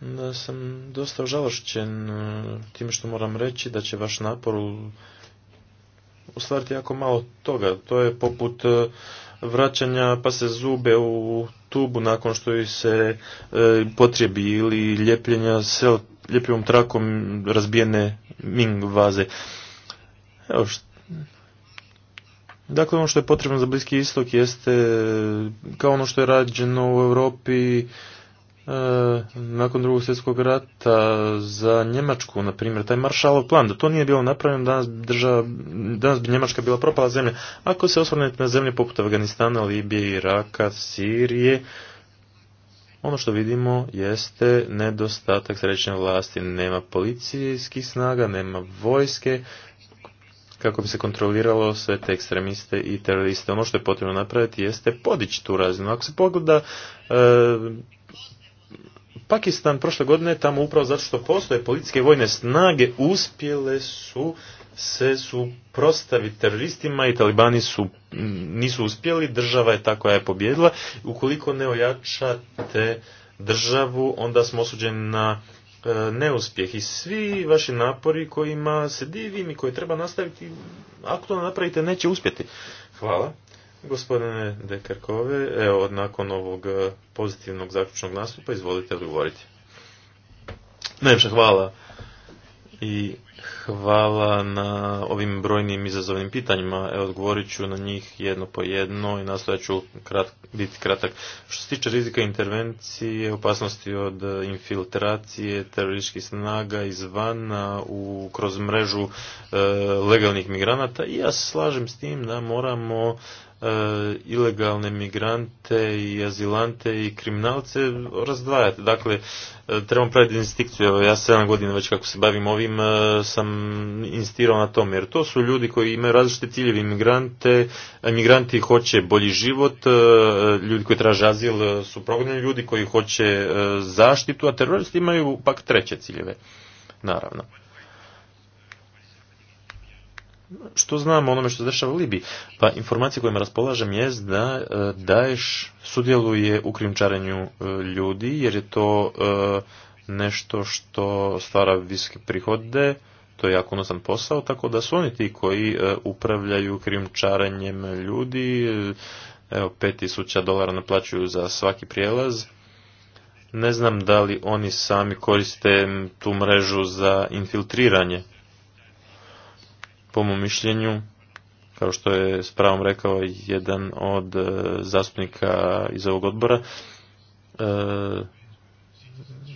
da sam dosta žalošćen e, time što moram reći da će vaš napor ostvariti jako malo toga. To je poput e, vraćanja pa se zube u tubu nakon što ju se e, potrebi ili ljepljenja s ljepljivom trakom razbijene ming vaze. Evo što... Dakle, ono što je potrebno za Bliski istok jeste kao ono što je rađeno u Europi e, nakon drugog svjetskog rata za Njemačku, na primjer, taj Maršalov plan, da to nije bilo napravljeno, danas, država, danas bi Njemačka bila propala zemlja. Ako se osvrnete na zemlje poput Afganistana, Libije, Iraka, Sirije, ono što vidimo jeste nedostatak srećne vlasti. Nema policijskih snaga, nema vojske, kako bi se kontroliralo sve te ekstremiste i teroriste. Ono što je potrebno napraviti jeste podići tu razinu. Ako se pogleda e, Pakistan prošle godine, tamo upravo zato što postoje policijske vojne snage, uspjele su se suprostaviti teroristima i talibani su, nisu uspjeli, država je ta koja je pobjedila. Ukoliko ne ojačate državu, onda smo osuđeni na E, neuspjeh i svi vaši napori kojima se divim i koje treba nastaviti, ako to napravite, neće uspjeti. Hvala. Gospodine Dekarkove. evo, nakon ovog e, pozitivnog zaključnog nastupa, izvolite odgovoriti. Najljepša hvala i hvala na ovim brojnim izazovnim pitanjima. Evo, odgovorit ću na njih jedno po jedno i nastojat ću krat, biti kratak. Što se tiče rizika intervencije, opasnosti od e, infiltracije, terorističkih snaga izvana u, kroz mrežu e, legalnih migranata i ja slažem s tim da moramo E, ilegalne migrante i azilante i kriminalce razdvajate. Dakle, e, trebamo praviti distinkciju. Evo, ja sedam godina već kako se bavim ovim e, sam instirao na tome. jer to su ljudi koji imaju različite ciljeve imigrante. migranti hoće bolji život, ljudi koji traže azil su progonjeni, ljudi koji hoće zaštitu, a teroristi imaju pak treće ciljeve. Naravno što znamo onome što se dešava u Libiji? Pa informacija kojima raspolažem je da e, daješ sudjeluje u krimčarenju e, ljudi, jer je to e, nešto što stvara visoke prihode, to je jako unosan posao, tako da su oni ti koji upravljaju krimčarenjem ljudi, evo 5000 dolara naplaćuju za svaki prijelaz, ne znam da li oni sami koriste tu mrežu za infiltriranje po mom mišljenju, kao što je s pravom rekao jedan od e, zastupnika iz ovog odbora, e,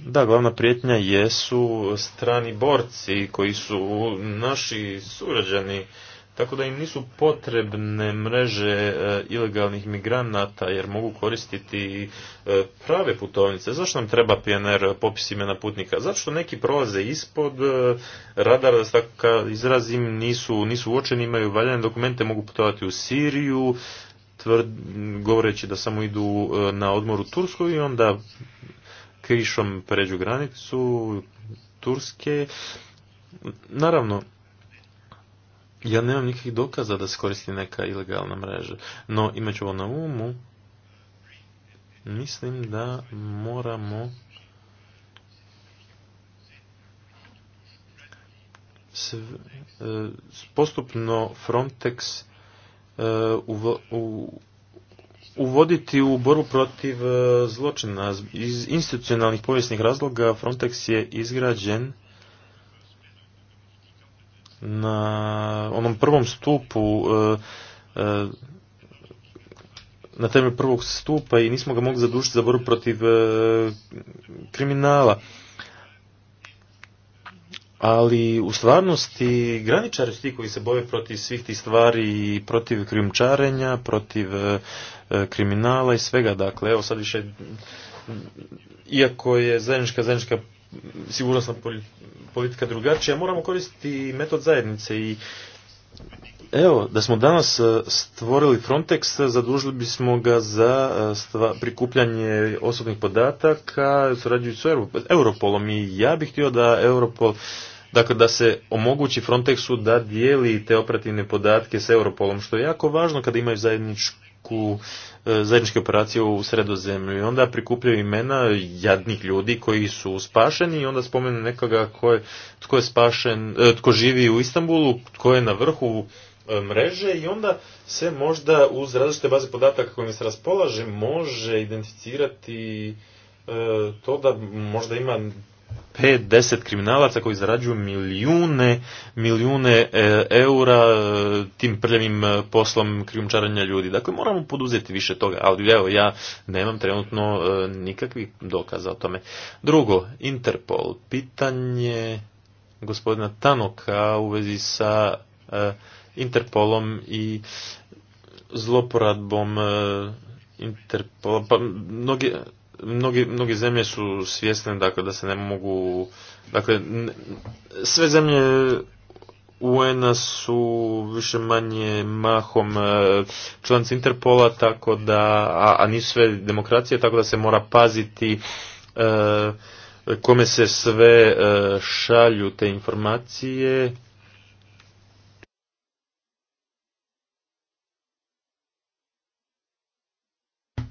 da, glavna prijetnja jesu strani borci koji su naši surađani tako da im nisu potrebne mreže e, ilegalnih migranata jer mogu koristiti e, prave putovnice. Zašto nam treba PNR popis imena putnika? Zašto neki prolaze ispod e, radara, da se tako izrazim, nisu, nisu uočeni, imaju valjane dokumente, mogu putovati u Siriju, tvrd, govoreći da samo idu na odmor u Tursku i onda krišom pređu granicu Turske. Naravno, ja nemam nikakvih dokaza da se koristi neka ilegalna mreža, no ću ovo na umu, mislim da moramo e, postupno Frontex e, uvoditi u borbu protiv e, zločina. Iz institucionalnih povijesnih razloga Frontex je izgrađen na onom prvom stupu e, e, na temelju prvog stupa i nismo ga mogli zadušiti za borbu protiv e, kriminala. Ali u stvarnosti graničari su ti koji se boje protiv svih tih stvari i protiv krijumčarenja, protiv kriminala i svega. Dakle, evo sad više iako je zajednička zajednička sigurnosna politika drugačija, moramo koristiti metod zajednice i Evo, da smo danas e, stvorili Frontex, zadužili bismo ga za e, prikupljanje osobnih podataka, surađujući s Europolom i ja bih htio da Europol, dakle da se omogući Frontexu da dijeli te operativne podatke s Europolom, što je jako važno kada imaju zajedničku E, zajedničke operacije u sredozemlju i onda prikupljaju imena jadnih ljudi koji su spašeni i onda spomenu nekoga tko je, tko je spašen, e, tko živi u Istanbulu, tko je na vrhu e, mreže i onda se možda uz različite baze podataka kojima se raspolaže može identificirati to da možda ima Pet deset kriminalaca koji zarađuju milijune, milijune e, eura e, tim prljavim e, poslom krijumčaranja ljudi. Dakle, moramo poduzeti više toga, ali evo, ja nemam trenutno nikakvih dokaza o tome. Drugo, Interpol, pitanje gospodina Tanoka u vezi sa Interpolom i zloporadbom Interpola, pa mnogi, mnogi zemlje su svjesne dakle, da se ne mogu... Dakle, sve zemlje un su više manje mahom e, članci Interpola, tako da, a, a nisu sve demokracije, tako da se mora paziti e, kome se sve e, šalju te informacije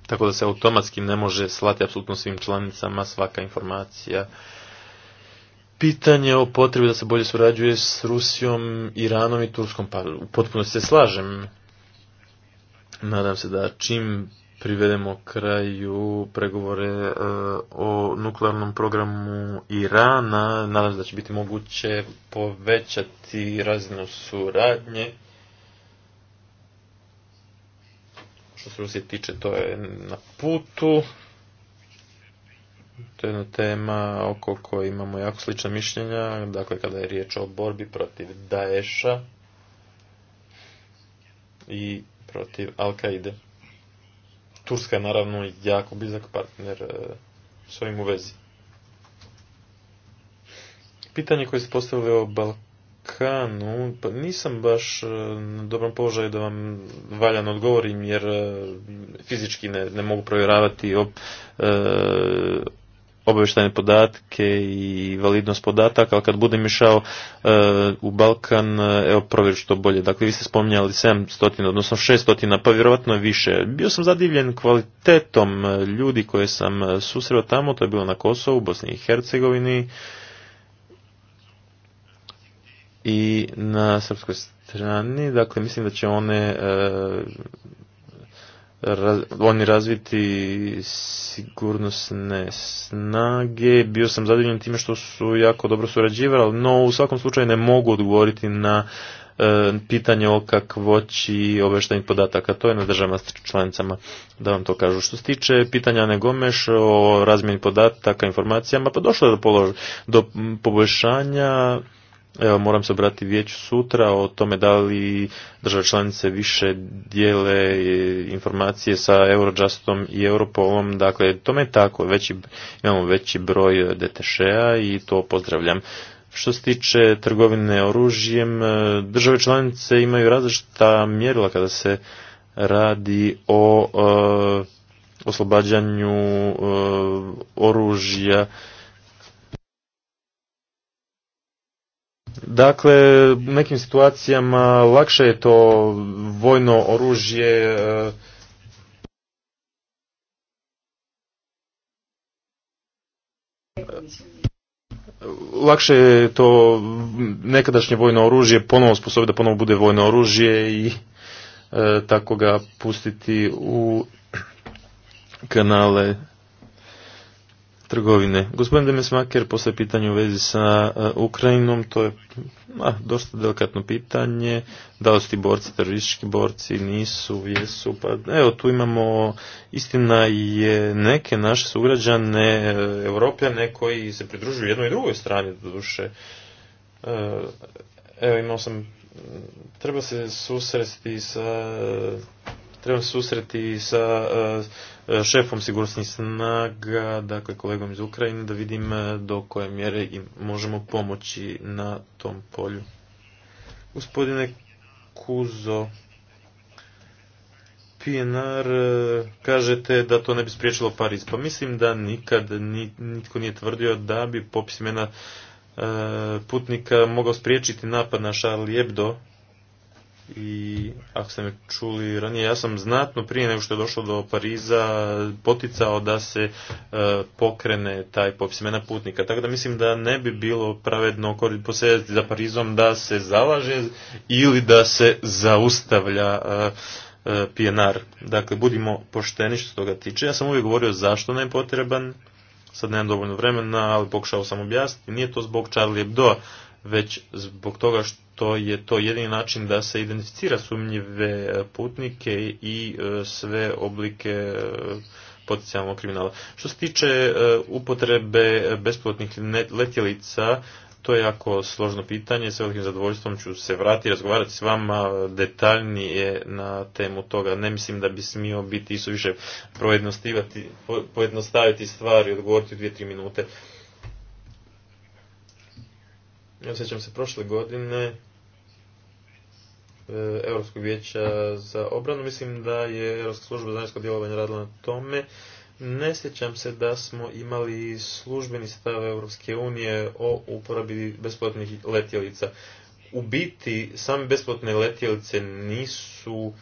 tako da se automatski ne može slati apsolutno svim članicama svaka informacija. Pitanje o potrebi da se bolje surađuje s Rusijom, Iranom i Turskom, pa potpuno se slažem. Nadam se da čim privedemo kraju pregovore e, o nuklearnom programu Irana, nadam se da će biti moguće povećati razinu suradnje Što se tiče, to je na putu. To je jedna tema oko koje imamo jako slična mišljenja. Dakle, kada je riječ o borbi protiv Daesha i protiv Al-Qaide. Turska je naravno jako blizak partner e, s u vezi. Pitanje koje se postavili o Balkanu Kanu, pa nisam baš e, na dobrom položaju da vam valjano odgovorim jer e, fizički ne, ne mogu provjeravati ob, e, obavještajne podatke i validnost podataka, ali kad budem išao u Balkan, evo ću što bolje. Dakle, vi ste spominjali 700, odnosno 600, pa vjerojatno više. Bio sam zadivljen kvalitetom ljudi koje sam susreo tamo, to je bilo na Kosovu, Bosni i Hercegovini, i na srpskoj strani. Dakle, mislim da će one e, oni razviti sigurnosne snage. Bio sam zadovoljan time što su jako dobro surađivali, no u svakom slučaju ne mogu odgovoriti na e, pitanje o kakvoći obještajnih podataka. To je na državama članicama da vam to kažu. Što se tiče pitanja Negomeš o razmjeni podataka, informacijama, pa došlo je do, do poboljšanja Evo, moram se obratiti vijeću sutra o tome da li države članice više dijele informacije sa Eurojustom i Europolom. Dakle, tome je tako. Veći, imamo veći broj DTŠ-a i to pozdravljam. Što se tiče trgovine oružjem, e, države članice imaju različita mjerila kada se radi o e, oslobađanju e, oružja Dakle, u nekim situacijama lakše je to vojno oružje e, lakše je to nekadašnje vojno oružje ponovno sposobiti da ponovo bude vojno oružje i e, tako ga pustiti u kanale trgovine. Gospodin Demesmaker poslije pitanje u vezi sa e, Ukrajinom, to je dosta delikatno pitanje, da li su ti borci, teroristički borci, nisu, jesu, pa evo tu imamo, istina je neke naše sugrađane, evropljane koji se pridružuju jednoj i drugoj strani do duše. E, evo imao sam, treba se susresti sa, treba se susreti sa e, šefom sigurnosnih snaga, dakle kolegom iz Ukrajine, da vidim e, do koje mjere im možemo pomoći na tom polju. Gospodine Kuzo, PNR, e, kažete da to ne bi spriječilo Pariz. Pa mislim da nikad nitko nije tvrdio da bi popis imena e, putnika mogao spriječiti napad na Charlie i ako ste me čuli ranije, ja sam znatno prije nego što je došlo do Pariza poticao da se e, pokrene taj popis imena putnika. Tako da mislim da ne bi bilo pravedno posjedati za Parizom da se zalaže ili da se zaustavlja e, e PNR. Dakle, budimo pošteni što se toga tiče. Ja sam uvijek govorio zašto nam je potreban. Sad nemam dovoljno vremena, ali pokušao sam objasniti. Nije to zbog Charlie Hebdo, već zbog toga što to je to jedini način da se identificira sumnjive e, putnike i e, sve oblike e, potencijalnog kriminala. Što se tiče upotrebe besplatnih letjelica, to je jako složno pitanje, s velikim zadovoljstvom ću se vratiti razgovarati s vama detaljnije na temu toga. Ne mislim da bi smio biti isto više pojednostaviti stvari i odgovoriti u dvije, tri minute sjećam se prošle godine e, Europskog vijeća za obranu. Mislim da je Europska služba za vanjsko djelovanje radila na tome. Ne sjećam se da smo imali službeni stav Europske unije o uporabi besplatnih letjelica. U biti, same besplatne letjelice nisu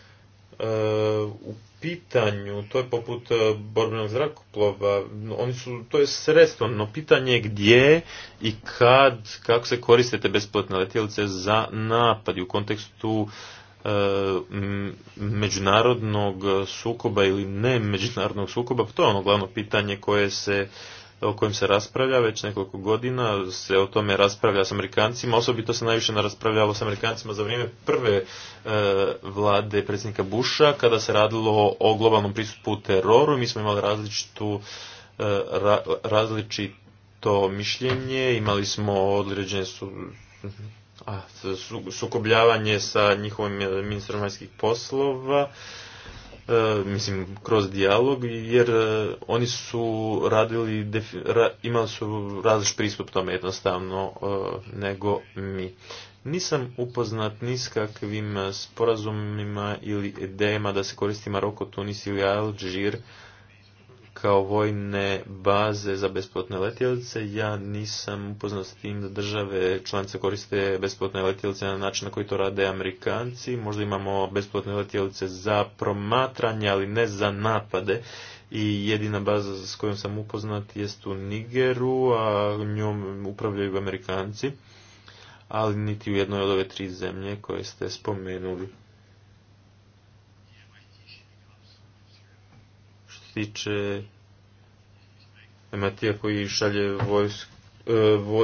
Eh, u pitanju, to je poput eh, borbenog zrakoplova, oni su, to je sredstvo, no pitanje je gdje i kad, kako se koristite te besplatne letjelice za napad u kontekstu eh, međunarodnog sukoba ili ne međunarodnog sukoba, pa to je ono glavno pitanje koje se o kojem se raspravlja već nekoliko godina, se o tome raspravlja s Amerikancima, osobito se najviše raspravljalo s Amerikancima za vrijeme prve e, vlade predsjednika Busha, kada se radilo o globalnom pristupu teroru, mi smo imali različitu e, različito mišljenje, imali smo određene su, sukobljavanje sa njihovim e, ministrom vanjskih poslova, E, mislim kroz dijalog jer e, oni su radili imali su različit pristup tome jednostavno e, nego mi nisam upoznat ni s kakvim sporazumima ili idejama da se koristi Maroko, Tunis ili Alžir kao vojne baze za besplatne letjelice. Ja nisam upoznat s tim da države članice koriste besplatne letjelice na način na koji to rade Amerikanci. Možda imamo besplatne letjelice za promatranje, ali ne za napade. I jedina baza s kojom sam upoznat jest u Nigeru, a njom upravljaju Amerikanci ali niti u jednoj od ove tri zemlje koje ste spomenuli. tiče Matija koji šalje vojsk, e,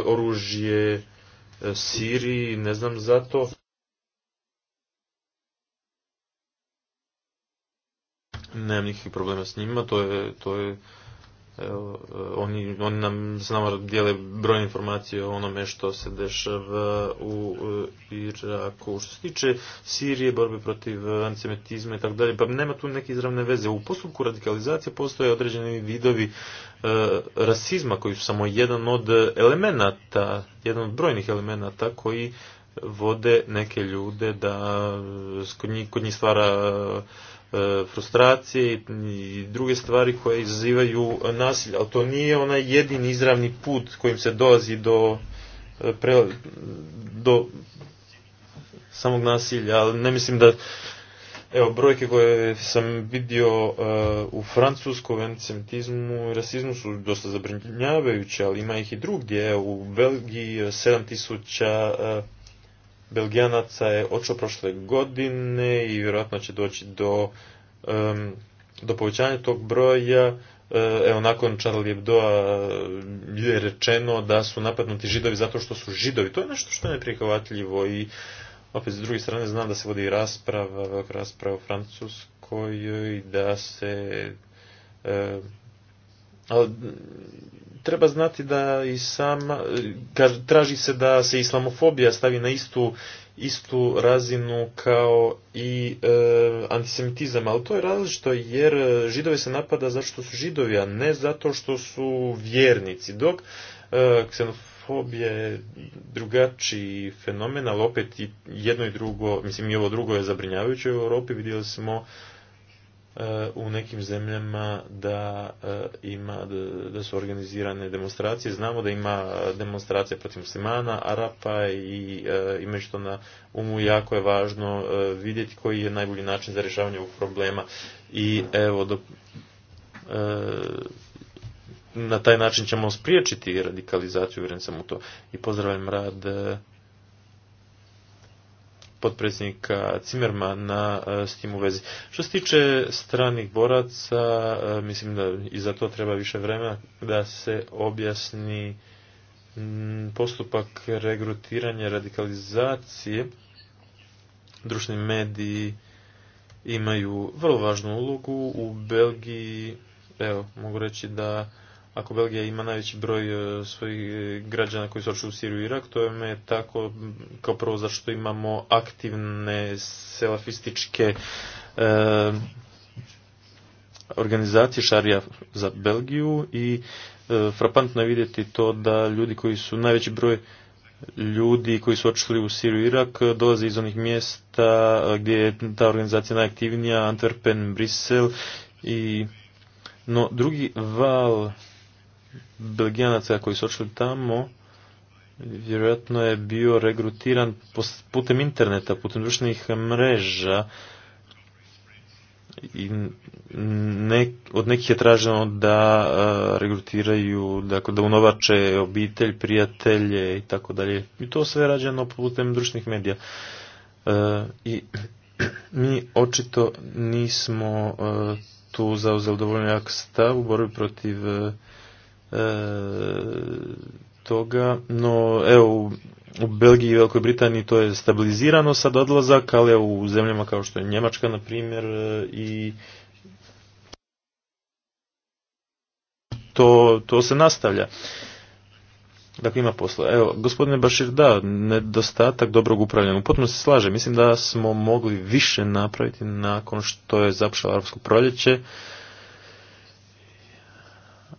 oružje e, Siriji, ne znam zato. Nemam nikakvih problema s njima, to je, to je E, oni, oni nam s nama dijele brojne informacije o onome što se dešava u e, Iraku. Što se tiče Sirije, borbe protiv antisemitizma i tako dalje, pa nema tu neke izravne veze. U postupku radikalizacije postoje određeni vidovi e, rasizma koji su samo jedan od elemenata, jedan od brojnih elemenata koji vode neke ljude da kod njih, kod njih stvara E, frustracije i druge stvari koje izazivaju nasilje, ali to nije onaj jedini izravni put kojim se dolazi do, e, do samog nasilja, ali ne mislim da Evo, brojke koje sam vidio e, u francuskom antisemitizmu i rasizmu su dosta zabrinjavajuće, ali ima ih i drugdje. u Belgiji 7000 uh, Belgijanaca je očeo prošle godine i vjerojatno će doći do, do povećanja tog broja. E, evo, nakon Charlie Hebdoa e, je rečeno da su napadnuti židovi zato što su židovi. To je nešto što je neprihvatljivo i opet s druge strane znam da se vodi rasprava, velika rasprava u Francuskoj i da se... E, treba znati da i sama, traži se da se islamofobija stavi na istu, istu razinu kao i e, antisemitizam, ali to je različito jer židove se napada zato što su židovi, a ne zato što su vjernici, dok e, ksenofobija je drugačiji fenomen, ali opet i jedno i drugo, mislim i ovo drugo je zabrinjavajuće u Europi, vidjeli smo u nekim zemljama da e, ima da su organizirane demonstracije znamo da ima demonstracije protiv muslimana arapa i e, ima što na umu jako je važno e, vidjeti koji je najbolji način za rješavanje ovog problema i evo do, na taj način ćemo spriječiti radikalizaciju, vjerujem sam u to. I pozdravljam rad potpredsjednika na e, s tim u vezi. Što se tiče stranih boraca, e, mislim da i za to treba više vremena da se objasni postupak regrutiranja radikalizacije. Društveni mediji imaju vrlo važnu ulogu. U Belgiji, evo, mogu reći da ako Belgija ima najveći broj e, svojih e, građana koji su otišli u Siriju i Irak, to je me tako kao prvo zato što imamo aktivne selafističke e, organizacije Šarija za Belgiju i frapantno je vidjeti to da ljudi koji su najveći broj ljudi koji su otišli u Siriju i Irak dolaze iz onih mjesta gdje je ta organizacija najaktivnija, Antwerpen, Brisel i no drugi val Belgijanaca koji su otišli tamo, vjerojatno je bio regrutiran putem interneta, putem društvenih mreža i od nekih je traženo da regrutiraju, dakle da unovače obitelj, prijatelje i tako dalje. I to sve je rađeno putem društvenih medija. E, I mi očito nismo e, tu zauzeli dovoljno jak stav u borbi protiv e, E, toga, no evo u Belgiji i Velikoj Britaniji to je stabilizirano sad odlazak, ali u zemljama kao što je Njemačka na primjer e, i to, to se nastavlja. Dakle, ima posla. Evo, gospodine Bašir, da, nedostatak dobrog upravljanja. Potpuno se slaže. Mislim da smo mogli više napraviti nakon što je zapšalo arapsko proljeće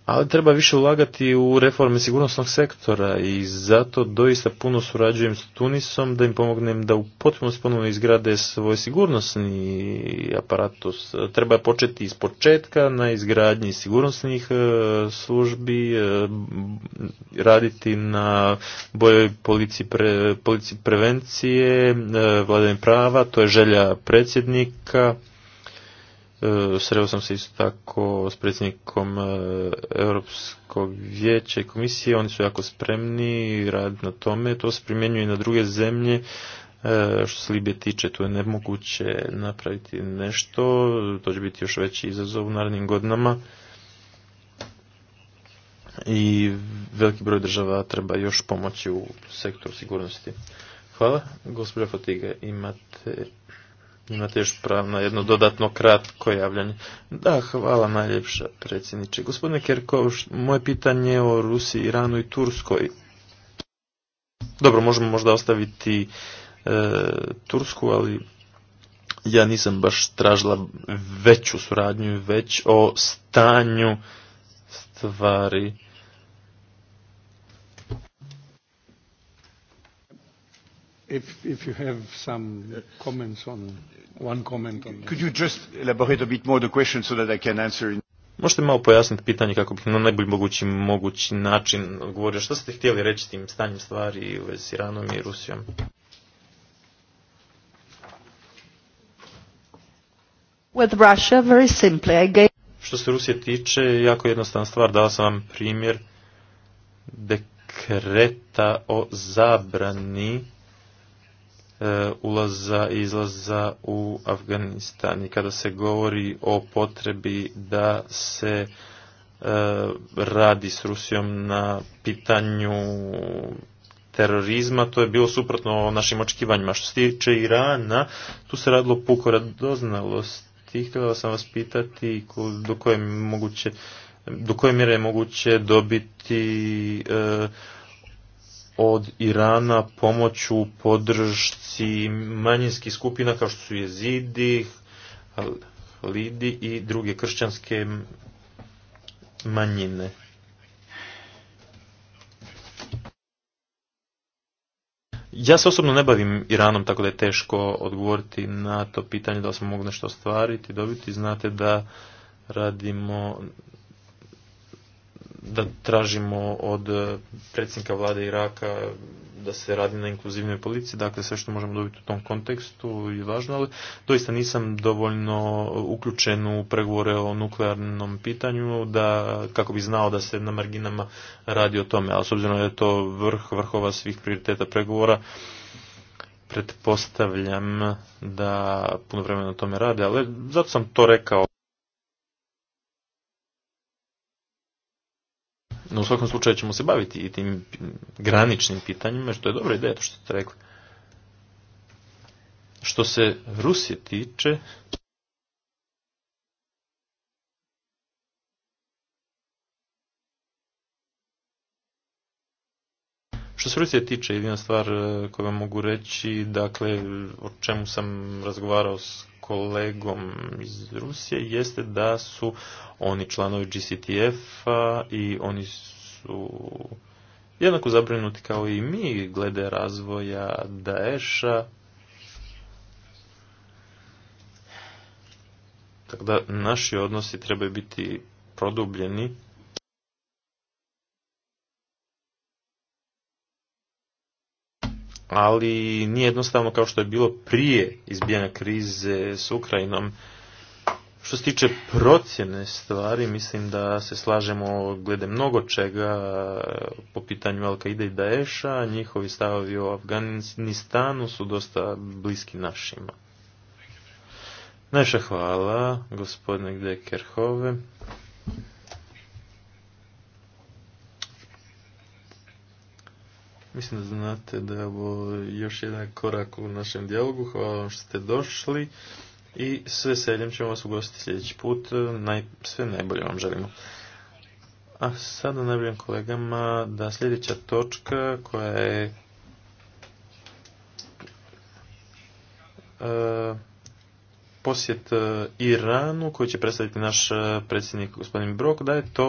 ali treba više ulagati u reforme sigurnosnog sektora i zato doista puno surađujem s Tunisom da im pomognem da u potpunosti ponovno izgrade svoj sigurnosni aparatus. Treba početi iz početka na izgradnji sigurnosnih e, službi, e, raditi na bojoj policiji, policiji prevencije, e, vladanje prava, to je želja predsjednika E, sreo sam se isto tako s predsjednikom e, Europskog vijeća i komisije, oni su jako spremni raditi na tome, to se primjenjuje i na druge zemlje, e, što se Libije tiče, tu je nemoguće napraviti nešto, to će biti još veći izazov u narednim godinama i veliki broj država treba još pomoći u sektoru sigurnosti. Hvala. Gospođo Fotiga, imate Imate još pravo na jedno dodatno kratko javljanje. Da, hvala najljepša predsjedniče. Gospodine Kerkovš, moje pitanje je o Rusiji, Iranu i Turskoj. Dobro, možemo možda ostaviti e, Tursku, ali ja nisam baš tražila veću suradnju, već o stanju stvari. If, if you have some comments on one comment on Could you just elaborate a bit more the question so that I can answer Možete malo pojasniti pitanje kako bih na najbolji mogući, način odgovorio. Što ste htjeli reći tim stanjem stvari u vezi s Iranom i Rusijom? With Russia, very simply, I Što se Rusije tiče, jako jednostavna stvar, dao sam vam primjer dekreta o zabrani Eh, ulaza i izlaza u Afganistan i kada se govori o potrebi da se eh, radi s Rusijom na pitanju terorizma, to je bilo suprotno našim očekivanjima. Što se tiče Irana, tu se radilo puko radoznalosti. Htjela sam vas pitati do koje, moguće, do koje mjere je moguće dobiti eh, od Irana pomoću podršci manjinskih skupina kao što su jezidi, lidi i druge kršćanske manjine. Ja se osobno ne bavim Iranom, tako da je teško odgovoriti na to pitanje da li smo mogli nešto ostvariti, dobiti. Znate da radimo da tražimo od e, predsjednika vlade Iraka da se radi na inkluzivnoj politici, dakle sve što možemo dobiti u tom kontekstu je važno, ali doista nisam dovoljno uključen u pregovore o nuklearnom pitanju da kako bi znao da se na marginama radi o tome, ali s obzirom da je to vrh vrhova svih prioriteta pregovora, pretpostavljam da puno vremena o tome rade, ali zato sam to rekao. No, u svakom slučaju ćemo se baviti i tim graničnim pitanjima, što je dobra ideja, to što ste rekli. Što se Rusije tiče, Što se Rusije tiče, jedina stvar eh, koju vam mogu reći, dakle, o čemu sam razgovarao s kolegom iz Rusije jeste da su oni članovi gctf i oni su jednako zabrinuti kao i mi glede razvoja Daesha. Tako da naši odnosi trebaju biti produbljeni ali nije jednostavno kao što je bilo prije izbijanja krize s Ukrajinom. Što se tiče procjene stvari, mislim da se slažemo glede mnogo čega po pitanju Al-Qaida i Daesha. Njihovi stavovi o Afganistanu su dosta bliski našima. Najša hvala, gospodine Dekerhove. Mislim da znate da je ovo još jedan korak u našem dijalogu. Hvala vam što ste došli i s veseljem ćemo vas ugostiti sljedeći put. Naj, sve najbolje vam želimo. A sada najboljim kolegama da sljedeća točka koja je e, posjet e, Iranu koji će predstaviti naš e, predsjednik gospodin Brok da je to